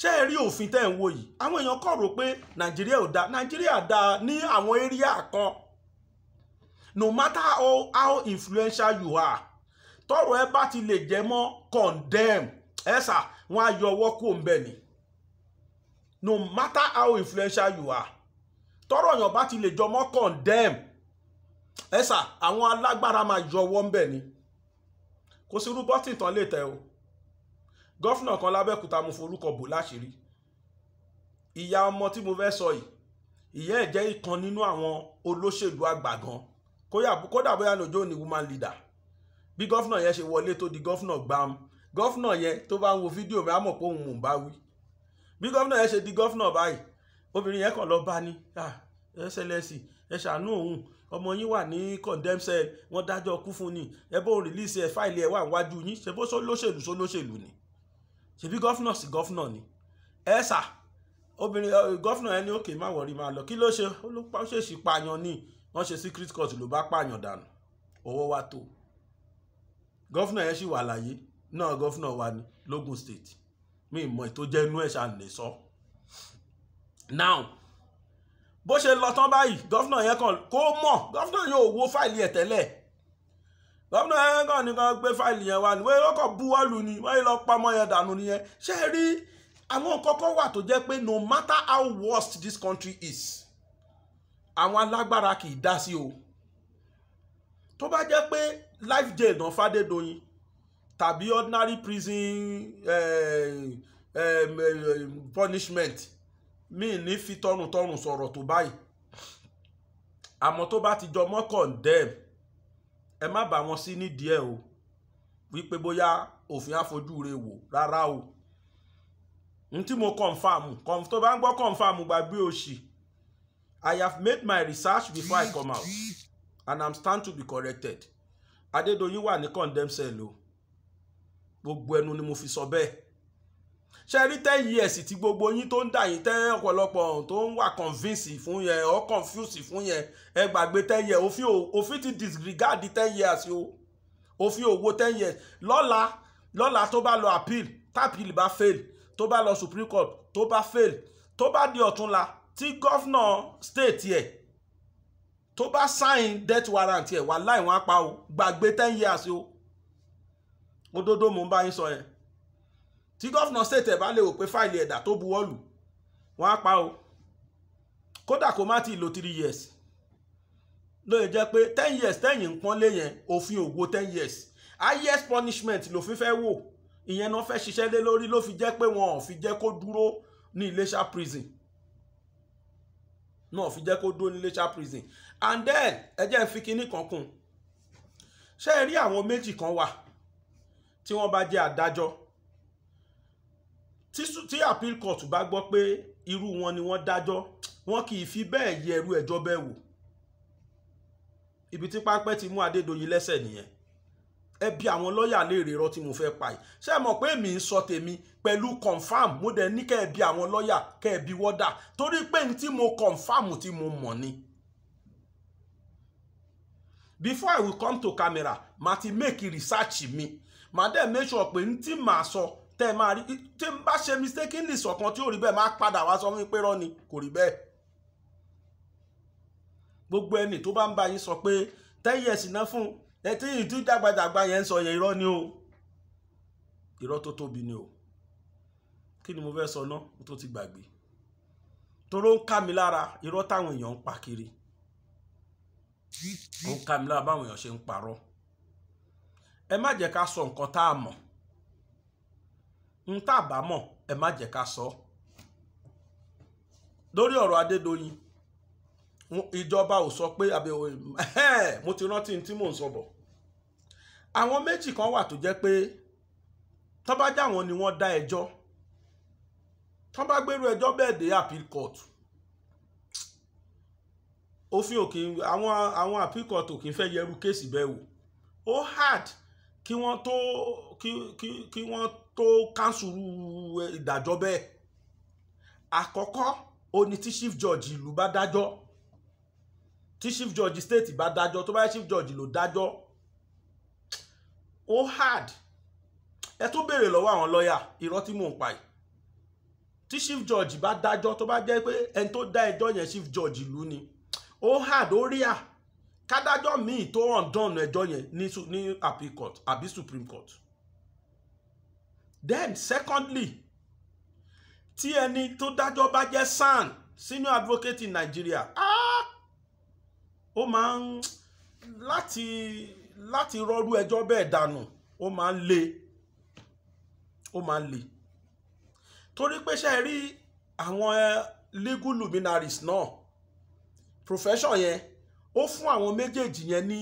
ṣé ẹ rí òfin tẹ́ ẹ̀ ń wò yìí àwọn èèyàn kọ̀ rò pé nàìjíríà ò dáa nàìjíríà dáa ní àwọn area kan no matter how, how influential you are tọrọ ẹ bá ti lè jẹ mọ́ condemn ẹ sà wọ́n á yọ ọwọ́ kó ń bẹ̀ ni no matter how influential you are tọrọ yàn bá ti lè jọmọ́ condemn ẹ sà àwọn alágbára máa yọ ọwọ́ ń bẹ̀ ni kò sí irú bọ́tì tán lè tẹ o gọ́fìnà kan lábẹ́kúta mo forúkọ bò láṣìírí ìyá ọmọ tí mo fẹ́ sọ yìí ìyá ẹ̀ jẹ́ ìkan nínú àwọn olóṣèlú àgbà gan kódà bóyá lọ́jọ́ ni woman leader bí gọ́fìnà yẹn ṣe wọlé tó di gọ́fìnà gbam gọ́fúnà yẹn tó bá ń wo fídíò mi á mọ̀ pé òun ò bá wí bí gọ́fúnà yẹn ṣe di gọ́fúnà báyìí obìnrin yẹn kàn lọ bá ní ẹsẹlẹsì ẹ ṣàánú òun ọmọ yín wà ní condemn cell wọ́n dájọ́ kú fún ni ẹ bó release ẹ fáìlì ẹ wà wájú yín ṣe bó sólóṣèlú sólóṣèlú ni ṣebí gọ́fúnà sí gọ́fúnà ni ẹ sà obìnrin gọ́fúnà ẹni òkè má wọ̀rí máa lọ kí ló ṣe ó ló ṣèṣì pààyàn ni wọ́n ṣe secret court ló bá pààyàn dànù ọwọ́ wa tó gọ́fúnà yẹn sì wà láyé náà gọ́fúnà wa ni logun state mi mọ̀ ètò jẹ́ inú ẹ̀ ṣàlè now bó ṣe lọ tán báyìí gọ́fúnà yẹn kàn kó mọ̀ gọ́fúnà yóò wo fáìlì ẹ̀ tẹ́lẹ̀ gọ́fúnà yẹn kàn nìkan gbé fáìlì yẹn wá ni wọ́n yóò kàn buwọ́lù ni wọ́n yóò lọ pamọ́ yẹn dànù nìyẹn ṣé ẹ rí àwọn nǹkan kan wà tó jẹ́ pé no matter how worst this country is àwọn alágbára kì í dá sí o tó bá jẹ́ pé life jail náà Fádédoyin tàbí ordinary prison eh, eh, punishment mi ní fi tọrùntọrùn sọ̀rọ̀ tó báyìí àmọ́ tó bá ti jọ mọ́ condemn ẹ má bà wọn sí nídìí ẹ̀ o wípé bóyá òfin àfojú rẹ wò rárá o n tí mo confam tó bá ń gbọ́ confam gbàgbé òsì I have made my research before I come out and I'm stand to be corrected Adédoyin wà ní condemn cell o gbogbo ẹnu ni mo fi sọ bẹ́ẹ̀ ṣe rí ten years tí gbogbo yín tó ń dà yín tẹ́ ọ̀pọ̀lọpọ̀ tó ń wà convince fún yẹn ọ̀ confuse fún yẹn ẹ gbàgbé ten years òfin ti disregard ten years o òfin òwò ten years lọ́la lọ́la tó bá lọ appeal tápìlì bá fail tó bá lọ supreme court tó bá fail tó bá di ọ̀túnla tí gọ́fúnà state yẹ tó bá sign death warrant yẹ wà láì wọn apá o gbàgbé ten years o òdodo mò ń bá yín sọ yẹn tí gọ́fìnà state ẹ̀ bá lè wò pé fáìlì ẹ̀dà tó buwọ́lù wọ́n á pa o kódà kó má ti lò three years ló lè jẹ́ pé ten years tẹ́yìn ń pọ́n lé yẹn òfin ògo ten years highest punishment lòfin fẹ́ wò ìyẹn náà fẹ́ ṣiṣẹ́ lé lórí ló fi jẹ́ pé wọn ò fi jẹ́ kó dúró ní Iléṣà prison náà fi jẹ́ kó dúró ní Iléṣà prison and then ẹ jẹ́ n fi kinní kan kún ṣé ẹ rí àwọn méjì kan wà tí wọ́n bá jẹ́ adájọ́ tí appeal court bá gbọ́ pé irú wọn ni wọ́n dájọ́ wọn kì í fi bẹ́ẹ̀ yẹ irú ẹjọ́ bẹ́ẹ̀ wò ibi tí pápẹ́ ti mú Adédoyin lẹ́sẹ̀ nìyẹn ẹ bi àwọn lọ́ọ̀yà léèrè irọ́ tí mo fẹ́ pa yìí ṣé ẹ mọ̀ pé èmi ń sọ tèmi pẹ̀lú confam mo dẹ̀ ní kẹ́ ẹ bi àwọn lọ́ọ̀yà kẹ́ ẹ bi wọ́dà torí pé ní tí mo confam tí mo mọ̀ ni. before i will come to camera ma ti make research mi màá dẹ̀ make sure pé n tí màá sọ tẹ́ ẹ máa rí tí n bá ṣe mistakenly sọ̀kan tí ò rí bẹ́ẹ̀ máa padà wá sọ fún mi pé rọ́ ni kò rí bẹ́ẹ̀. gbogbo ẹni tó bá ń bá yín sọ pé tẹ́yẹ̀ síná fún ẹ tí ìtú dàgbàdàgbà yẹn ń sọ yẹn irọ́ ni o irọ́ tó tóbi ni o kí ni mo fẹ́ sọ náà tó ti gbàgbé toró ń ká mi lára irọ́ táwọn èèyàn ń pa kiri ó ń ká mi lára báwọn èèyàn ṣe ń parọ́ ẹ má jẹ́ ká sọ nǹkan tá a mọ̀ ń tá a bá mọ̀ ẹ má jẹ́ ká sọ lórí ọ̀rọ̀ Adédoyin ìjọba ò sọ pé mo ti rántí tí mò ń sọ bọ̀ àwọn méjì kan wà tó jẹ́ pé tán bá jáwọn ni wọ́n dá ẹjọ́ tán bá gbèrú ẹjọ́ bẹ́ẹ̀ dé appeal court òfin òkè àwọn àwọn appeal court òkè fẹ́ yẹrù kéèsì bẹ́ẹ̀ wò ó hard kí wọ́n tó kí kí kí wọ́n tó kánsùrù ìdájọ́ bẹ́ẹ̀ àkọ́kọ́ òní tí chief judge ìlú bá dájọ́ tí chief judge state bá dájọ́ tó bá yẹ chief judge ló dájọ́ ó hard ẹ tó béèrè lọ́wọ́ àwọn lọ́ọ̀yà irọ́ tí mò ń pa yìí tí chief judge bá dájọ́ tó bá jẹ́ pé ẹni tó dá ẹjọ́ yẹn chief judge ìlú ni ó hard ó rí à kádájọ́ míì tó hàn dán ẹjọ́ yẹn ní appeal court àbí supreme court then secondly tí ẹni tó dájọ́ bá jẹ́ SAN senior advocate in Nigeria ah ó máa ń láti láti rọrú ẹjọ́ bẹ́ẹ̀ dànù ó máa ń le ó máa ń le torí pé ṣe rí àwọn eh, legal luminaries náà profession yẹn ó fún àwọn méjèèjì yẹn ní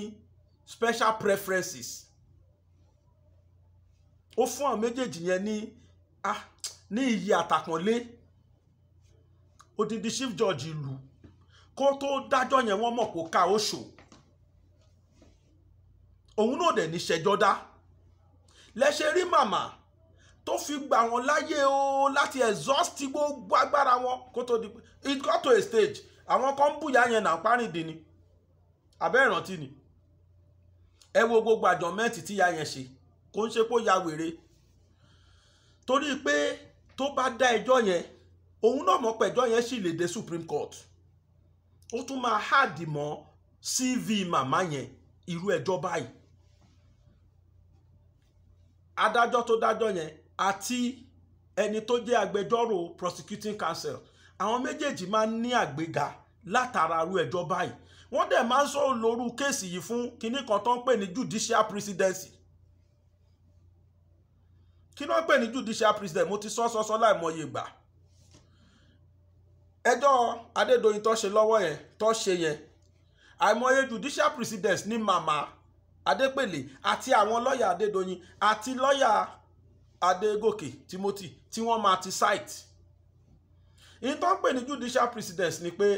special preferences ó fún àwọn méjèèjì yẹn ní ah ní iyì àtàpọ̀nlé odidi chief judge ìlú kó tó dájọ́ yẹn wọ́n mọ̀ kó ká oṣù òun náà dẹ̀ ní ṣẹjọ́ dá lẹ́ṣẹ̀ rí màmá tó fi gbà wọ́n láyè o láti exhaust gbogbo agbára wọn kó tó di it got to a stage àwọn kan ń bùyà yẹn nà ń párìndínlẹ́ abẹ́ ìrántí ni ẹ wo gbogbo àjọmẹ́ǹtì tí ya yẹn ṣe kó ń ṣe kó ya wèrè torí pé tó bá dá ẹjọ́ yẹn òun náà mọ̀ pẹ̀jọ́ yẹn sì lè dé Supreme Court ó tún máa háàdì mọ́ CV màmá yẹn irú ẹjọ́ báyìí adájọ́ tó dájọ́ yẹn àti ẹni tó jẹ́ agbẹjọ́rò prosecuting counsel àwọn méjèèjì máa ń ní àgbéga látara irú ẹjọ́ báyìí wọ́n dẹ̀ máa ń sọ lóru kéèsì yìí fún kinní kan tó ń pè ní judicial presidency kí ló ń pè ní judicial president mo ti sọ sọ sọ láìmọye ìgbà ẹjọ́ Adédoyin tó ṣe lọ́wọ́ yẹn tó ṣe yẹn àìmọye judicial president ní màmá Adépèlé àti àwọn lọ́ọ̀yà Adédoyin àti lọ́ọ̀yà Adégòkè Timothy tí wọ́n máa ti site ìtọ́ ń pè ní judicial president ni pé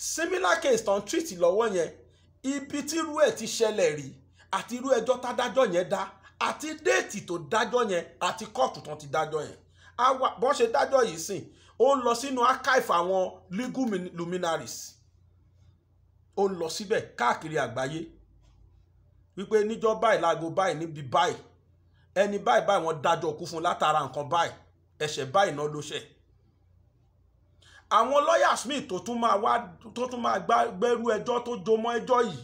similar case tó ń treat lọ́wọ́ yẹn ibi tí irú ẹ̀ ti ṣẹlẹ̀ rí àti irú ẹjọ́ tádájọ́ yẹn dá àti déètì tó dájọ́ yẹn àti kóòtù tó ti dájọ́ yẹn bọ́n ṣe dájọ́ yìí sìn ó ń lọ sínú archive àwọn legal luminaries ó ń lọ síbẹ̀ káàkiri àgbáyé wípé níjọ́ báyìí láago báyìí níbi báyìí ẹni báyìí báyìí wọ́n dájọ́ òkú fún látara nǹkan báyìí ẹ̀ṣẹ̀ báyìí náà ló ṣẹ̀ àwọn lawyers míì tó tún máa wá tó tún máa gbẹ́rú ẹjọ́ tó jọmọ́ ẹjọ́ yìí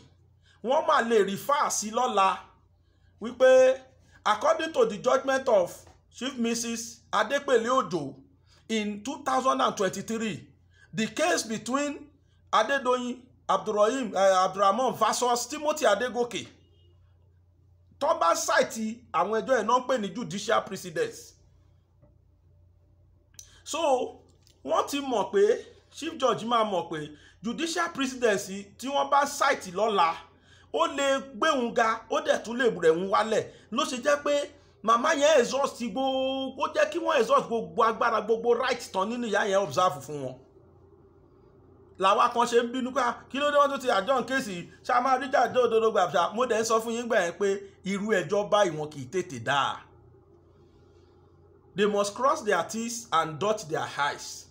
wọ́n máa lè rí fáàsì lọ́la wípé according to the judgment of chief mrs adepele ojo in 2023, the case between adedoyin abdulrahim uh, abdulrahman versus timothy adegoke tó bá ṣáìtì àwọn ẹjọ́ ẹ̀ náà ń pè ní judicial precedence so wọ́n ti mọ̀ pé chief judge máa mọ̀ pé judicial presidency tí wọ́n bá ṣáìtì lọ́la ó lè gbéhùn ga ó dẹ̀ tún lè rẹ̀ ń wálẹ̀ ló ṣe jẹ́ pé màmá yẹn exhaust gbogbo ó jẹ́ kí wọ́n exhaust gbogbo agbára gbogbo right tán nínú ìyá yẹn observe fún wọn làwa kan ṣe ń bínú ká ah, kí ló dé wọn tó ti àjọ nkéèsì ṣáma ríjà dòdòdó gbàgbà mo dẹ̀ ń sọ fún yín gbà yẹn pé irú ẹjọ́ báyìí wọn kì í tètè dáa they must cross their teeth and dot their eyes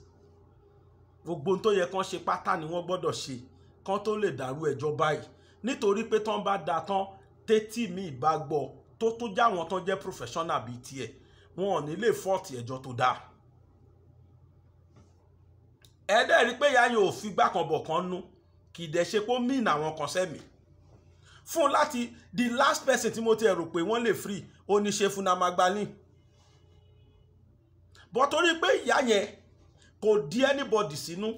gbogbo tó yẹ kán ṣe pátá ni wọ́n gbọ́dọ̀ ṣe kán tó lè dàrú ẹjọ́ báyìí nítorí pé tán bá da tán tẹ́tí mi ìbá gbọ́ tó tún já wọn tán jẹ́ professional bíi tiẹ̀ wọn ò ní lè fọ́ọ̀tì ẹjọ́ tó dáa ẹ̀ẹ́dẹ̀ rí pé yáyàn ò fi gbá kan bọ̀ kan nú kì í dẹ̀ ṣe pé ó mìn àwọn kan sẹ́mi fún láti the last person tí mo ti rò pé wọ́n lè free oníṣe fún namagbani bọ́ torí pé ìyá yẹn kò di anybody sínú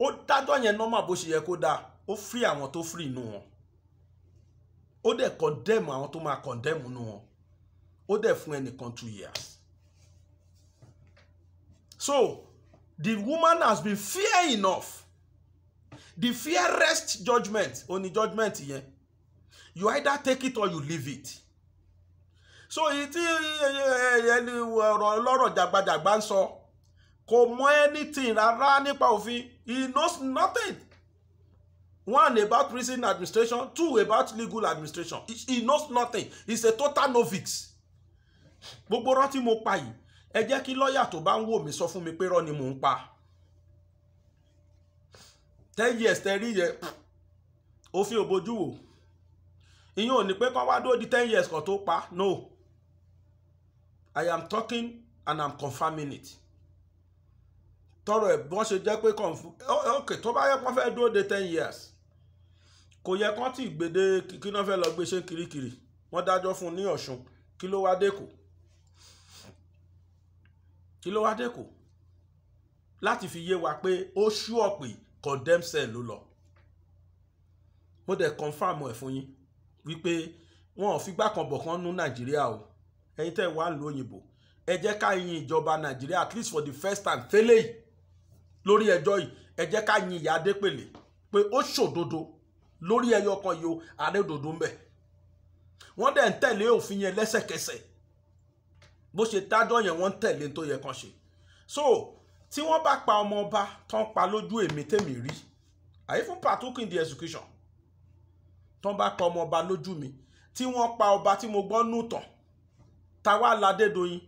ó dájọ́ yẹn normal bó ṣe yẹ kó dáa ó free àwọn tó free inú wọn ó dẹ̀ condemn àwọn tó máa condemn inú wọn ó dẹ̀ fún ẹnìkan two years so the woman has been fair enough the fairest judgement ó ní judgement yẹn you either take it or you leave it so èyí tí ọ̀rọ̀ ọlọ́rọ̀ jàgbàjàgbà ń sọ. So, kò mọ anything rárá nípa òfin he knows nothing one about prison administration two about legal administration he knows nothing he's a total novice gbogbo rán mo pa yìí ẹ jẹ́ kí lọ́ọ̀yà tó bá ń wò mí sọ fún mi pé rọ́ ni mò ń pa ten years ten years. yẹ òfin ò bójú wò ìyẹn ò ní pé kán wá dúró di ten years kan tó pa no i am talking and i'm confirming it tọrọ ẹ bí wọn ṣe jẹ pé ok tó bá yẹ kán fẹ́ dúró de ten years kò yẹ kán tí gbèdé kí náà fẹ́ lọ gbé ṣe kirikiri wọ́n dájọ́ fún un ní Ọ̀ṣun kí ló wá dẹkọ kí ló wá dẹkọ láti fi yé wa pé ó ṣú ọ̀pẹ condemn cell ló lọ mo dẹ̀ confam ẹ̀ fún yín wípé wọn ò figbá kan bọ̀ kan nú Nàìjíríà o ẹ̀yin tẹ́ wà ń lo òyìnbó ẹ jẹ́ ká yin ìjọba Nàìjíríà at least for the first time tẹ́lẹ̀ yìí lórí ẹjọ́ yìí ẹ jẹ́ ká yin ìyá Adépèlé pé ó ṣòdodo lórí ẹyọ kan yìí o àrédòdó ń bẹ wọ́n dẹ̀ ń tẹ̀lé òfin yẹn lẹ́sẹ̀kẹsẹ̀ bó ṣe dájọ́ yẹn wọ́n ń tẹ̀lé tó yẹ kan ṣe so tí wọ́n bá pa ọmọ ọba tán pa lójú èmi tèmi rí àyè fún partaking the execution tán bá pa ọmọ ọba lójú mi tí wọ́n pa ọba tí mo gbọ́ nù tán táwa ládédoyin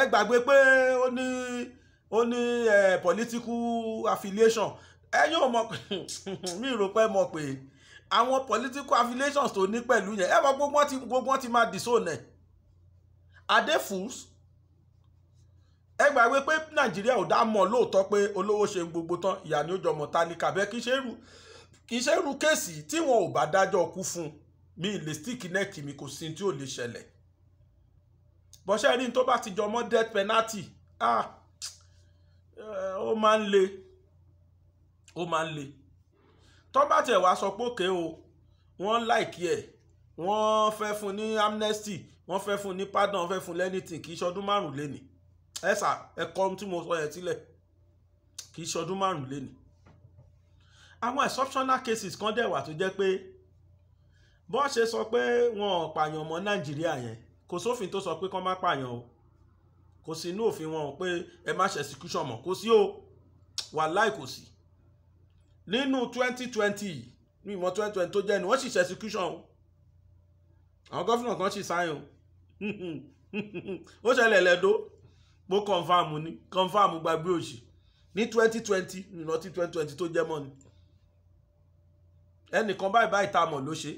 ẹ gbàgbé pé ó ní. Oni ó ní political affiliation ẹ̀yin ò mọ̀ pé mi rò pé mọ̀ pé àwọn political affiliations tó ní pẹ̀lú yẹn ẹ mọ̀ gbogbo ti gbogbo ti máa disown ẹ̀ are they fools ẹ gbàgbé pé nàìjíríà ò dá mọ̀ lóòótọ́ pé olówó ṣe gbogbo tán ìyá ni ó jọmọ tálíkà bẹ́ẹ̀ kì í ṣe irú kì kéèsì tí wọn ò bá dájọ́ kú fún mi lè stick nẹ́ẹ̀kì mi kò sí tí ò lè ṣẹlẹ̀ bọ́sẹ̀ rí ní tó bá ti jọmọ́ death penalty ah Eh, ó máa ń le ó máa ń le tó bá tiẹ̀ wá sọ pé o wọ́n láìkí ẹ̀ wọ́n fẹ́ fún ní amnesty wọ́n fẹ́ fún ní pardon wọ́n fẹ́ fún lẹ́nìtìn kì í ṣọdún márùn lẹ́nì ẹ sà ẹ kọ́ ohun tí mo sọ yẹn sílẹ̀ kì í ṣọdún márùn lẹ́nì. àwọn exceptional cases kan dẹ̀ wà tó jẹ́ pé bọ́n ṣe sọ pé wọn ò pààyàn mọ́ nàìjíríà yẹn kò sófin tó sọ pé kán má pààyàn o kò sí inú òfin wọn pé ẹ má ṣe execution mọ́ kò sí o wàláì kò sí nínú twenty twenty ní ìmọ̀ twenty twenty tó jẹ́ ni wọ́n sì ṣe execution o àwọn gọ́fìnà kan sì sáyìn o ó ṣẹlẹ̀ lẹ́dọ́ mo confam ni confam gbàgbé òsì ní twenty twenty ìrántí twenty twenty tó jẹ́ mọ́ ni ẹnìkan báyìí báyìí tá a mọ̀ ló ṣe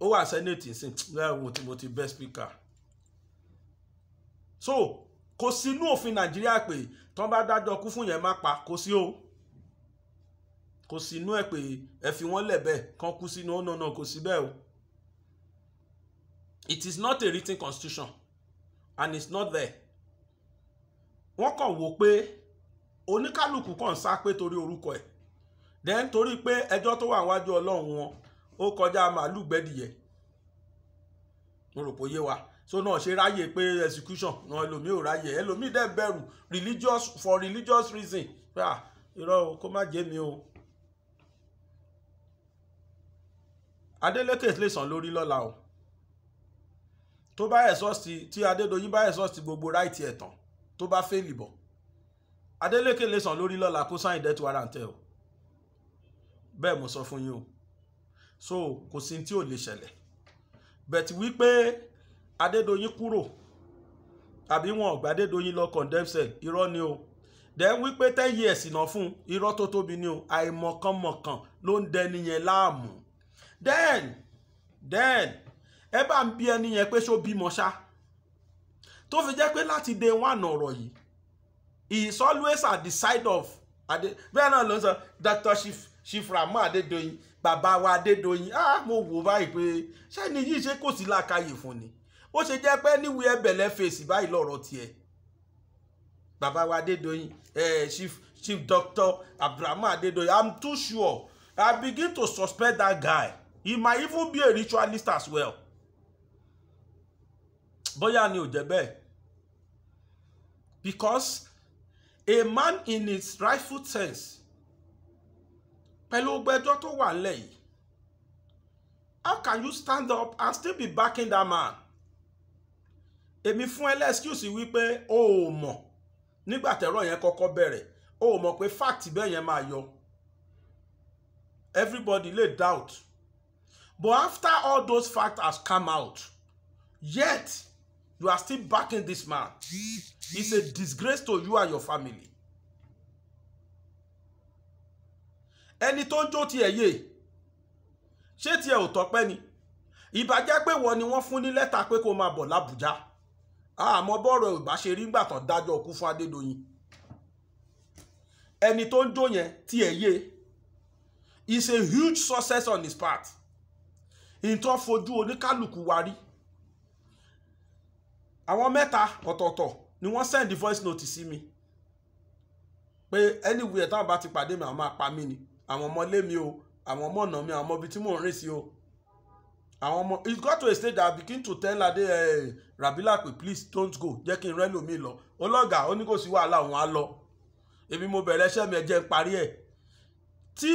ó wà sẹ́nẹ̀tì sí ẹ̀ wò tí mo ti bẹ́ spíkà so kò sínú òfin nàìjíríà pé tí wọ́n bá dájọ́ kú fún yẹn má pa kò sí o kò sínú ẹ̀ pé ẹ fi wọ́n lẹ̀ bẹ́ẹ̀ kán kú sínú ọ̀nà oh, náà kò sí bẹ́ẹ̀ o it is not a written constitution and it's not there wọ́n kàn wò pé oníkálukú kàn sá pé torí orúkọ ẹ̀ then torí pé ẹjọ́ tó wà wájú ọlọ́run wọn ó kọjá màálù gbẹ́dìyẹ mo rò pé ó yé wa so náà ṣe ráyè pé execution náà ẹlòmíì ò ráyè ẹlòmíì dẹ̀ bẹ̀rù religious for religious reason pé à ah, irọ́ o kó má jẹ́ mi o. Adeleke lè sàn lórí lọ́la o tó bá ẹ̀sọ́ọ̀sì tí Adédoyin bá ẹ̀sọ́ọ̀sì gbogbo ráìtì ẹ̀tàn tó bá fẹ́ẹ̀lì bọ̀ Adeleke lè sàn lórí lọ́la kó sáyìn dẹ́tu ara ǹtẹ̀ o bẹ́ẹ̀ mo sọ fún yín o so kò sí tí ò lè ṣẹlẹ̀ bẹ̀tì wípé adédọ̀yìn kúrò àbí wọn ọ̀gbà adédọ̀yìn lọ condemn cell irọ́ ni o dẹ̀ wípé ten years náà fún irọ́ tó tóbi ni o àìmọ̀kànmọ̀kàn ló ń dẹni yẹn láàmú then then ẹ bá ń bí ẹni yẹn pé ṣó bímọ ṣá tó fi jẹ́ pé láti day one ọ̀rọ̀ yìí he is always at the side of ade bẹ́ẹ̀ náà ló ń sọ Dr. Shiframu Adédoyin bàbá wa Adédoyin ah mo wò báyìí pé ṣé ni yìí ṣe kò sí làákàyè fún ni ó ṣe jẹ́ pé níwèé ẹbẹ̀lẹ̀ fèsì báyìí lọ́rọ̀ tiẹ̀ bàbá wa Adédoyin chief chief doctor Abdulrahman Adédoyin i'm too sure i begin to suspect that guy he might even be a ritualist as well bóyá ni ò jẹ́ bẹ́ẹ̀ because a man in his rightful sense pẹ̀lú ọgbẹ́jọ́ tó wà lẹ́yìn how can you stand up and still be backing that man èmi fún ẹ lẹ́skíùsì wípé o ò mọ̀ nígbà tẹ̀rọ yẹn kọ́kọ́ bẹ̀rẹ̀ o ò mọ̀ pé fact bẹ́ẹ̀ yẹn máa yọ everybody lè doubt but after all those facts has come out yet you are still backing this man it's a disgrace to you and your family ẹni tó ń jó tiẹ̀ yé ṣé tiẹ̀ ò tọ́pẹ́ ni ìbàjẹ́ pé wọ́n ni wọ́n fún ní lẹ́tà pé kó máa bọ̀ lábújá àmọ́ bọ́ọ̀rọ̀ ìbá ṣe rí gbà tán dájọ́ òkú fún Adédoyin ẹni tó ń jó yẹn tí ẹ yé is a huge success on his part nǹkan fojú oníkálukú wa rí àwọn mẹ́ta ọ̀tọ̀ọ̀tọ̀ ni wọ́n send voice note sí mi pé anywhere táwọn bá ti pàdé mi àwọn máa pa mí ni àwọn ọmọ ilé mi o àwọn ọmọ ọ̀nà mi àwọn ọmọ ibi tí mò ń rìn sí o àwọn ọmọ it got to a stage that I begin to tell Adé ẹ eh, Rabila pé please don't go jẹ́ kí n rẹ́ lómi lọ ọlọ́gà ó ní kò sí wàhálà òun á lọ èmi mo bẹ̀rẹ̀ iṣẹ́ mi ẹ jẹ́ n parí ẹ̀ tí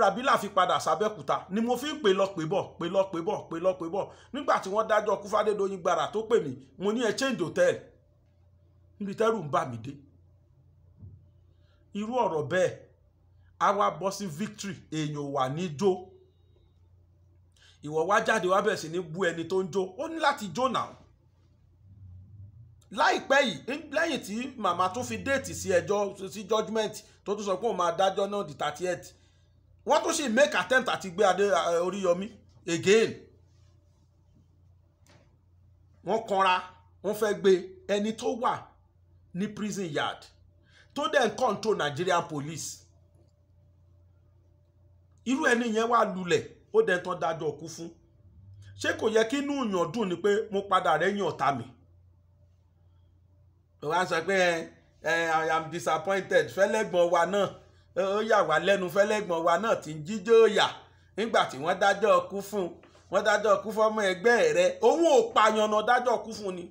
Rabila fi padà sábẹ́kúta ni mo fi ń pè lọ pè bọ̀ pè lọ pè bọ̀ pè lọ pè bọ̀ nígbà tí wọ́n dájọ́ Kúfádédoyin gbàrà tó pè mí mo ní ẹ change hotel níbi tẹ́rù ń bà mí dé irú ọ̀rọ̀ bẹ́ẹ̀ á bọ́ sí victory èèyàn wà ní jó ìwọ wá jáde wá bẹ̀rẹ̀ sí ní bú ẹni tó ń jó ó ní láti jó náà láìpẹ́ yìí lẹ́yìn tí màmá tún fi déètì sí ẹjọ́ sí judgement tó tún sọ pé òun máa dájọ́ náà di thirty eight wọ́n tún sì make attempt àti gbé adé Oríyọmí again wọ́n kanra wọ́n fẹ́ gbé ẹni tó wà ní prison yard tó dẹ̀ ń control Nigerian police irú ẹni yẹn wà lulẹ̀ ó dẹ̀ tán dájọ́ òkú fún ṣé kò yẹ kí inú yàn dùn ni pé mo padà rẹ́yìn ọ̀tá mi wọ́n á sọ pé ẹ i am disappointed fẹ́lẹ́gbọ̀n wa náà ó yà wá lẹ́nu fẹ́lẹ́gbọ̀n wa náà ti ń jíjó yà nígbà tí wọ́n dájọ́ òkú fún wọ́n dájọ́ òkú fún ọmọ ẹgbẹ́ rẹ òun ò pààyàn náà dájọ́ òkú fún ni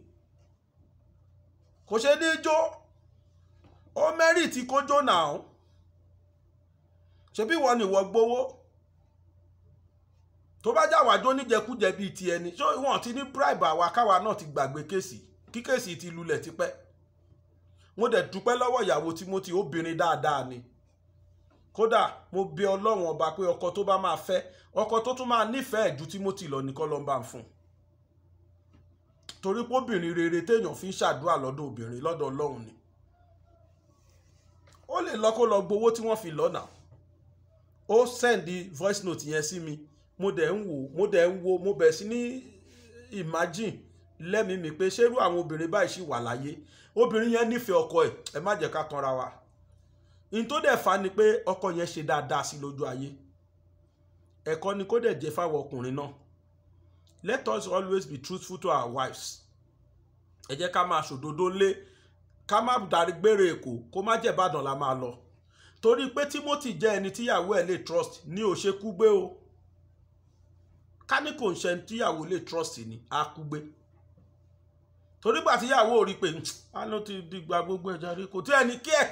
kò ṣe ní jó ó mẹ́rì tí kó jó náà ṣebí wọn ni wọ́n gbowó tó bá jà wájú oníjẹkújẹ bíi ti ẹni ṣó wọn ti ní bribe àwa káwa náà ti gbàgbé kéèsì kí kéèsì ti lulẹ̀ tipẹ́ mo dẹ̀ dúpẹ́ lọ́wọ́ ìyàwó Timothy obìnrin dáadáa ni kódà mo bẹ ọlọ́run ọba pé ọkọ tó bá máa fẹ́ ọkọ tó tún máa nífẹ̀ẹ́ ju Timothy lọ ní kọ́lọ́mbà ń fún torí pé obìnrin rere téèyàn fi ń ṣàdúrà lọ́dọ̀ obìnrin lọ́dọ̀ ọlọ́run ni ó lè lọ lọ gbowó tí wọ́n fi lọ́nà ó sẹ́ndì voice note yẹn sí mi mo dẹ̀ ń wò mo dẹ̀ ń wo mo bẹ̀ sí ní imagine lẹ́mìí mi pé ṣerú àwọn obìnrin báyìí ṣì wà láyé obìnrin yẹn nífẹ̀ẹ́ ọkọ ẹ̀ ẹ má jẹ́ ká tanra wa n tó dẹ̀ fa ni pé ọkọ yẹn ṣe dáadáa sí lójú ayé ẹ̀kọ́ ni kó dẹ̀ jẹ́ fáwọn ọkùnrin náà let us always be truthful to our wives ẹ jẹ́ ká máa ṣòdodo lé ká má darí gbére èkó kó má jẹ́ ìbàdàn la máa lọ torí pé Timothy jẹ́ ẹni tíyàwó ẹ̀ lè trust ní òṣèkúgbé o ká ní kò ń ṣe tíyàwó lè trust ni á kú gbé torí gbà tíyàwó rí pé a ló ti di gba gbogbo ẹja rí kò tí ẹni kí ẹ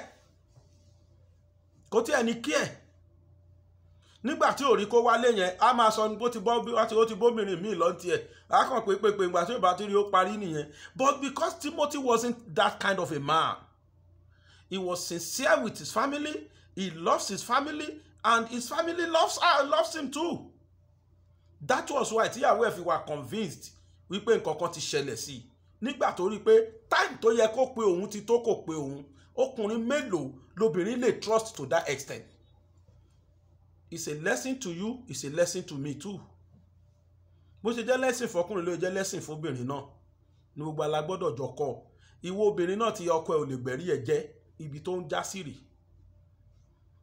kò tí ẹni kí ẹ nígbà tí òrí kó wálé yẹn a máa sọ bó ti bọ́ ó ti bómìnrin míì lọ́n tiẹ̀ a kàn pé pé pé ìgbà tí ìbá tí rí ó parí nìyẹn but because Timothy wasn't that kind of a man he was sincere with his family he loves his family and his family loves, her, uh, loves him too that was why tíyàwó ẹ̀ fi wà convinced wípé nǹkan kan ti ṣẹlẹ̀ sí i nígbà tó rí i pé time tó yẹ kó pe òun ti tó kò pe òun ọkùnrin mélòó lobìnrin lè trust to that extent it's a lesson to you it's a lesson to me too bó ṣe jẹ́ lẹ́sìn fọkùnrin ló jẹ́ lẹ́sìn fóbìnrin náà ni gbogbo alágbọ́dọ̀ jọ kọ́ ìwọ obìnrin náà ti ọkọ ẹ̀ ò lè gbẹ̀rí ẹ̀ jẹ́ ibi tó ń já sí rèé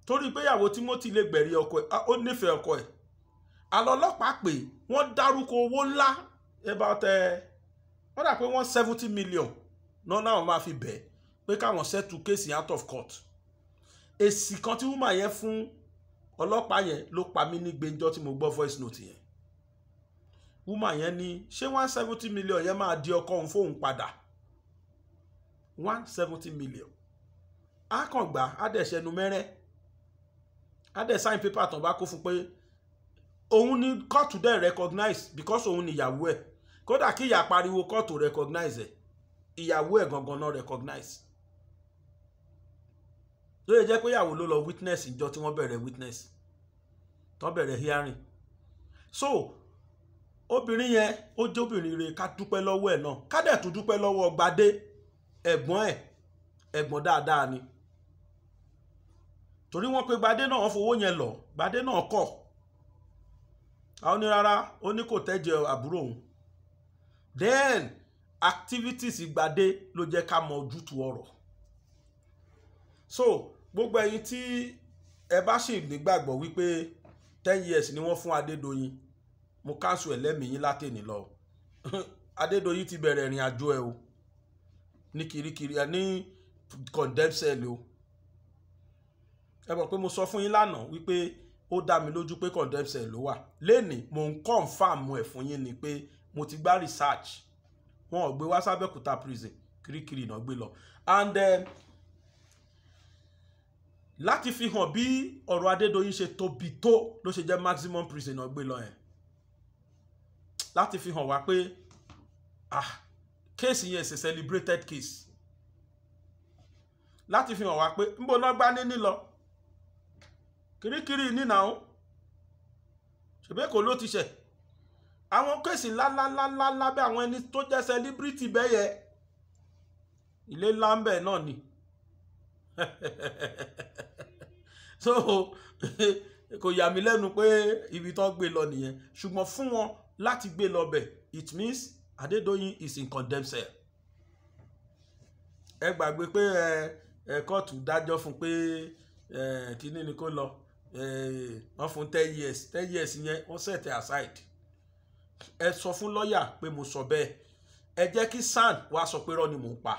torí pé ìyàwó Timothy lè gbẹ̀rí ọkọ ẹ̀ ó nífẹ̀ẹ́ ọkọ ẹ̀ alọ́lọ́pàá pé wọ́n dárúkọ owó ńlá about eh, wọ́n dà pé wọ́n seventy million náà náà máa fi bẹ̀ pé káwọn settle case out of court èsì kan tí woman yẹn fún ọlọ́pàá yẹn ló pa mí ní gbẹ́njọ́ tí mo gbọ́ voice note yẹn woman yẹn ní ṣé one seventy million yẹn máa di ọkọ òun fóun padà one seventy million akàngbà adẹ̀ṣẹ́nu mẹ́rẹ́ adẹ̀ sign paper tán bá kó fún pé òun ni kóòtù dẹ̀ recognize because òun ni ìyàwó ẹ̀ kódà kí ìyá pariwo kóòtù recognize ẹ̀ ìyàwó ẹ̀ gangan náà recognize ló lè jẹ́ pé ìyàwó ló lọ witness ìjọ tí wọ́n bẹ̀rẹ̀ witness tó bẹ̀rẹ̀ hearing so obìnrin yẹn ó jẹ́ obìnrin rere ká dúpẹ́ lọ́wọ́ ẹ̀ náà ká dẹ̀ tún dúpẹ́ lọ́wọ́ gbadé ẹ̀gbọ́n ẹ̀ ẹ̀gbọ́n dáadáa ni torí wọ́n pe gbadé náà fowó yẹn lọ gbadé náà kọ̀ àwọn ní rárá ó ní kò tẹ́jẹ́ àbúrò òun then activities ìgbàdé ló jẹ́ ká mọ ojútùú ọ̀rọ̀ so gbogbo ẹ̀yin tí ẹ bá sì nígbàgbọ́ wípé ten years ni wọ́n fún Adédoyin mo káàsù ẹ̀ lẹ́mìí yín látẹ̀ni lọ Adédoyin ti bẹ̀rẹ̀ ìrìn àjò ẹ o ní kirikiri ní condemn cell o ẹ mọ̀ pé mo sọ fún yín lánàá wípé ó dá mi lójú pé condemn cell ló wà lẹ́nìí mo ń confam ẹ̀ fún yín ni pé mo ti gba research wọn ò gbé wá sábẹ́kúta prison kirikiri náà gbé lọ and uh, láti fi hàn bí ọ̀rọ̀ Adédoyin ṣe tóbi tó ló ṣe jẹ́ maximum prison náà gbé lọ yẹn láti fi hàn wá pé ah case yẹn ṣe celebrated case láti fi hàn wá pé nbọ náà gbá níní lọ kirikiri nínà ó ṣèbí kò ló ti ṣẹ̀ àwọn kéèsì ńláńláńlá lábẹ́ àwọn ẹni tó jẹ́ sẹlíbírìtì bẹ́yẹ ilé ńlá ń bẹ̀ náà ni so kò yà mí lẹ́nu pé ibi tó gbé lọ nìyẹn ṣùgbọ́n fún wọn láti gbé lọ bẹ̀ it means Adédọ́yìn is in condemn cell ẹ gbàgbé pé ẹ kóòtù dájọ́ fún pé ẹ kíní ni kó lọ Eh, wọ́n fún ten years ten years yẹn wọ́n set aside ẹ sọ fún lọ́ọ̀yà pé mo sọ bẹ́ẹ̀ ẹ jẹ́ kí SAN wá sọ pé irọ́ ni mò ń pa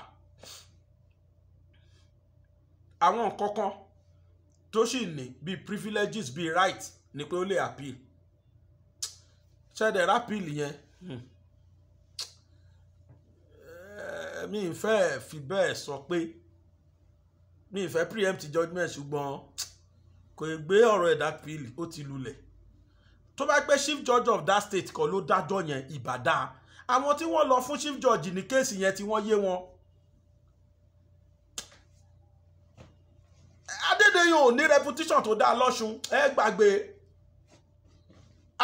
àwọn nǹkan kan tó sì ní bíi privileges bíi right ni pé ó lè appeal ṣẹ̀dẹ̀ rápìlì yẹn hmm. eh, mi ì fẹ́ fi bẹ́ẹ̀ sọ pé mi ì fẹ́ preempt judgement ṣùgbọ́n kò gbé ọ̀rọ̀ ẹ̀dá pìlì ó ti lulẹ̀ tó bá pẹ́ chief judge of that state kan ló dájọ́ yẹn ìbàdà àwọn tí wọ́n lọ fún chief judge ní kéèsì yẹn tí wọ́n yé wọn. Adédèyìn ò ní reputation tó dáa lọ́sùn ẹ gbàgbé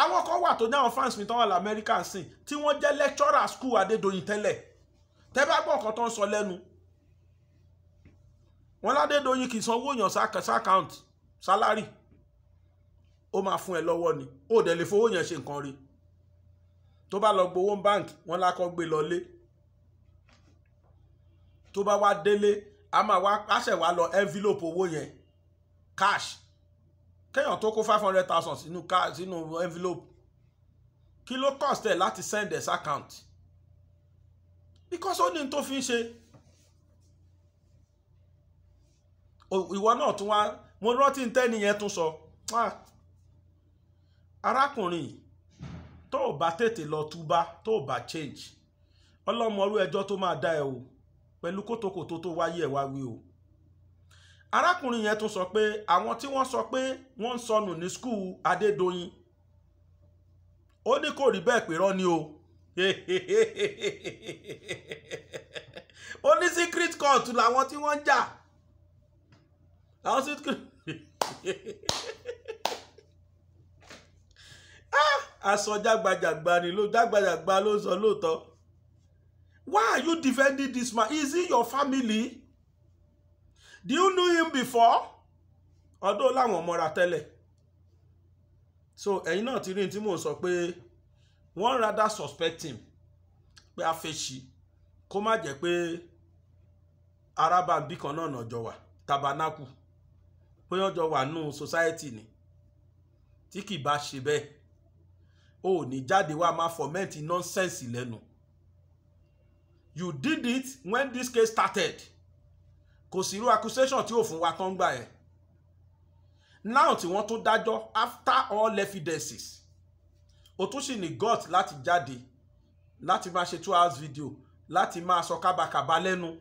àwọn kan wà tó ní àwọn fans mi tán wà lamẹ́ríkà sìn tí wọ́n jẹ́ lecturer school Adédòyìn tẹ́lẹ̀ tẹ́ bá gbọ́ nǹkan tó ń sọ lẹ́nu wọn ládédọ́yìn kì í sanwó èèyàn sákàǹtì. Sa sálárì ó máa fún ẹ lọ́wọ́ ni ó dẹ̀ lè fowó yẹn ṣe nǹkan rí tó bá lọ gbowó báǹkì wọn lákọ gbé lọlé tó bá wá délé a máa wá àṣẹ wá lọ envelope owó yẹn cash kéèyàn tó kó five hundred thousand sínú cash sínú envelope kí ló cost ẹ láti send ẹ̀sà account because ó ní tó fi ń ṣe ìwọ náà tún wá mo rántí tẹ́ni yẹn tún sọ ah, arákùnrin tó o bá tètè lọ túbá tó bá change ọlọ́mọrú ẹjọ́ tó máa dá ẹ o pẹ̀lú kótókòtó tó wáyé ẹ̀ wá wí o arákùnrin yẹn tún sọ pé àwọn tí wọ́n sọ pé wọ́n ń sọnù ní skul Adédoyin ó ní kò rí bẹ́ẹ̀ pé rọ́ ni o ó ní secret court làwọn tí wọ́n ń jà àwọn secret. Ah, aṣọ jágbajàgba ni ló jágbajàgba ló sọ lóòótọ́ why are you defending this man is he your family do you know him before ọdún làwọn mọra tẹ́lẹ̀ so ẹ̀yin náà ti rí tí mò ń sọ pé wọ́n rather suspect him pé a fẹ́ ṣí kó má jẹ́ pé arábàbí kan náà nàjọ wà bóyá ọjọ́ wà nù society ni tí kì bá ṣe bẹ́ẹ̀ o ò ní jáde wá máa fọmẹ́ǹtì nọ́nsẹ̀nsì lẹ́nu you did it when this case started kò sí irú accusation tí ò fún wa tán gbà yẹn now tí wọ́n tó dájọ́ after all evidences o tún sì ní gut láti jáde láti máa ṣe two hours video láti máa sọ kábàkàbà lẹ́nu. No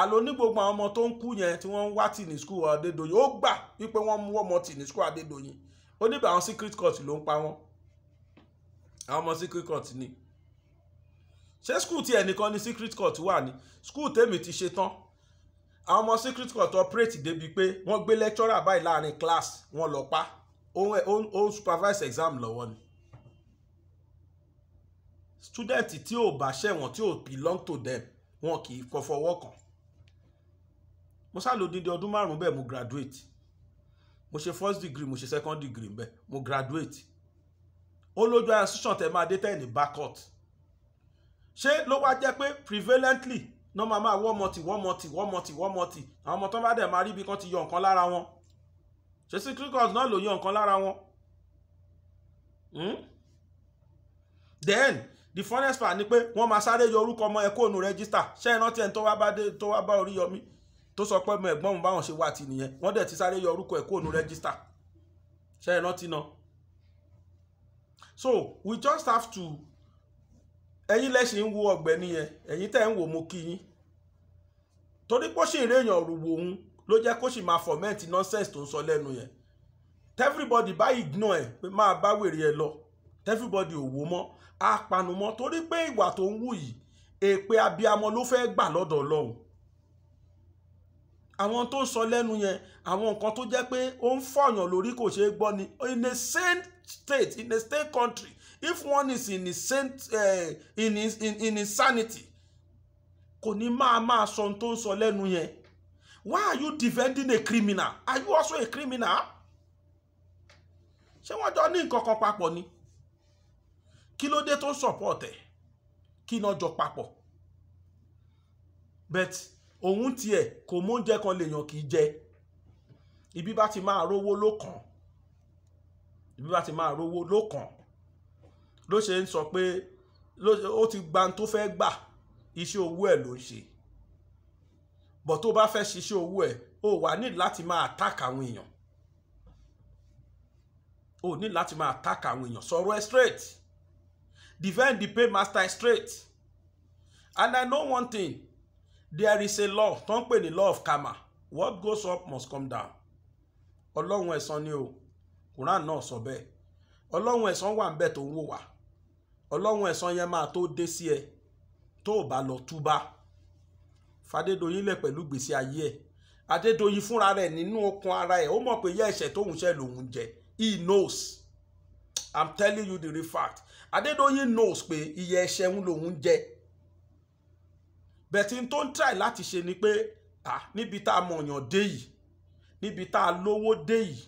àlọ́ ní gbogbo àwọn ọmọ tó ń kú yẹn tí wọ́n ń wá tì ní skul Adédoyin ó gbà wípé wọ́n mú ọmọ tì ní skul Adédoyin ó níbẹ̀ àwọn secret court ló ń pa wọ́n àwọn ọmọ secret court ni ṣé skul tiẹ̀ nìkan ni secret court wà ní skul tèmi ti ṣe tán àwọn ọmọ secret court operate débi pé wọ́n gbé lecturer báyìí láàrin class wọ́n lọ pa ó ń supervise exam lọ́wọ́ ni student tí ò bá ṣẹ̀wọ̀n tí ò belong to them wọn kì í fọfọwọ́ kàn mo sá lò dídí ọdún márùn-ún bẹ́ẹ̀ mo graduate mo ṣe first degree mo ṣe second degree bẹ́ẹ̀ mo graduate ó lójú ara sísan tẹ máa dé tẹ́ẹ̀nì backcourt ṣé ló wá jẹ́ pé prevalently ní wọ́n máa máa wọ́ mọ̀tì wọ́ mọ̀tì wọ́ mọ̀tì wọ́ mọ̀tì àwọn ọmọ tó bá dẹ̀ máa rí ibi kan ti yọ nǹkan lára wọn ṣé secret court náà ló yọ nǹkan lára wọn. Hmm? then the funnest part ni pé wọ́n máa sáré yọ orúkọ ọmọ ẹ̀kọ́ ònú rẹ́gísítà ṣé ẹ rántí ẹni tó wá bá orí yọmí tó sọ pé ọmọ ẹ̀gbọ́n òun báwọn ṣe wà tì nìyẹn wọ́n dẹ̀ ti sáré yọ orúkọ ẹ̀ kúrò ní rẹ́gísítà ṣe é rántí náà so we just have to ẹ̀yin lẹ́sìn ń wo ọ̀gbẹ́ni yẹn ẹ̀yin tẹ́ ń wò mo kí yín torí pé ó sì ń réèyàn rúwo òun ló jẹ́ kó sì máa fọ̀mẹ́ǹtì nonsense tó ń sọ lẹ́nu yẹn tẹ́fìrìbọ́dì bá ignore ẹ̀ pé máa bá wèrè ẹ lọ tẹ́fìrìbọ́dì ò wò mọ́ apanumọ́ torí pé ìwà tó ń wù yìí èpè abiyamọ ló fẹ́ gbà lọ́dọ̀ ọlọ́run àwọn tó sọ lẹ́nu yẹn àwọn nǹkan tó jẹ́ pé ó ń fọ̀yàn lórí kò ṣeé gbọ́ ni in a sane state in a state country if one is in insane uh, eh, in, in, in insanity kò ní máa máa sọ ohun tó ń sọ lẹ́nu yẹn why are you defending a criminal are you also a criminal ṣé wọ́n jọ ní nǹkan kan papọ̀ ni kí ló dé tó ń support ẹ̀ kí náà jọ papọ̀ but òun tiẹ̀ kò mú oúnjẹ kan lèèyàn kì í jẹ ibi bá ti máa rówó ló kàn ibi bá ti máa rówó ló kàn ló ṣe ń sọ pé ó ti gba tó fẹ́ gbà iṣẹ́ owó ẹ̀ ló ń ṣe bọ̀ tó bá fẹ́ ṣiṣẹ́ owó ẹ̀ ó wà ní láti máa attack àwọn èèyàn ó ní láti máa attack àwọn èèyàn sọ̀rọ̀ ẹ̀ straight defend the paymaster straight and I know one thing there is a law tó ń pè ní law of karma what goes up must come down ọlọ́run ẹ̀san ni o quran náà sọ bẹ́ẹ̀ ọlọ́run ẹ̀san wà ń bẹ̀ tó ń wò wá ọlọ́run ẹ̀san yẹn máa tó dé sí ẹ tó o bá lọ túbá fàdédoyin lẹ pẹ̀lú gbèsè ayé ẹ̀ adédoyin fúnra rẹ̀ nínú okun ara ẹ̀ ó mọ̀ pé yẹ ẹ̀ṣẹ̀ tóun ṣẹ̀ lòun jẹ he knows i'm telling you the real fact adédoyin knows pé iye ẹ̀ṣẹ̀ ń lòun jẹ bẹ̀tí tó ń try láti ṣe ni pé ah níbi tá a mọ̀yàn dé yìí níbi tá a lówó dé yìí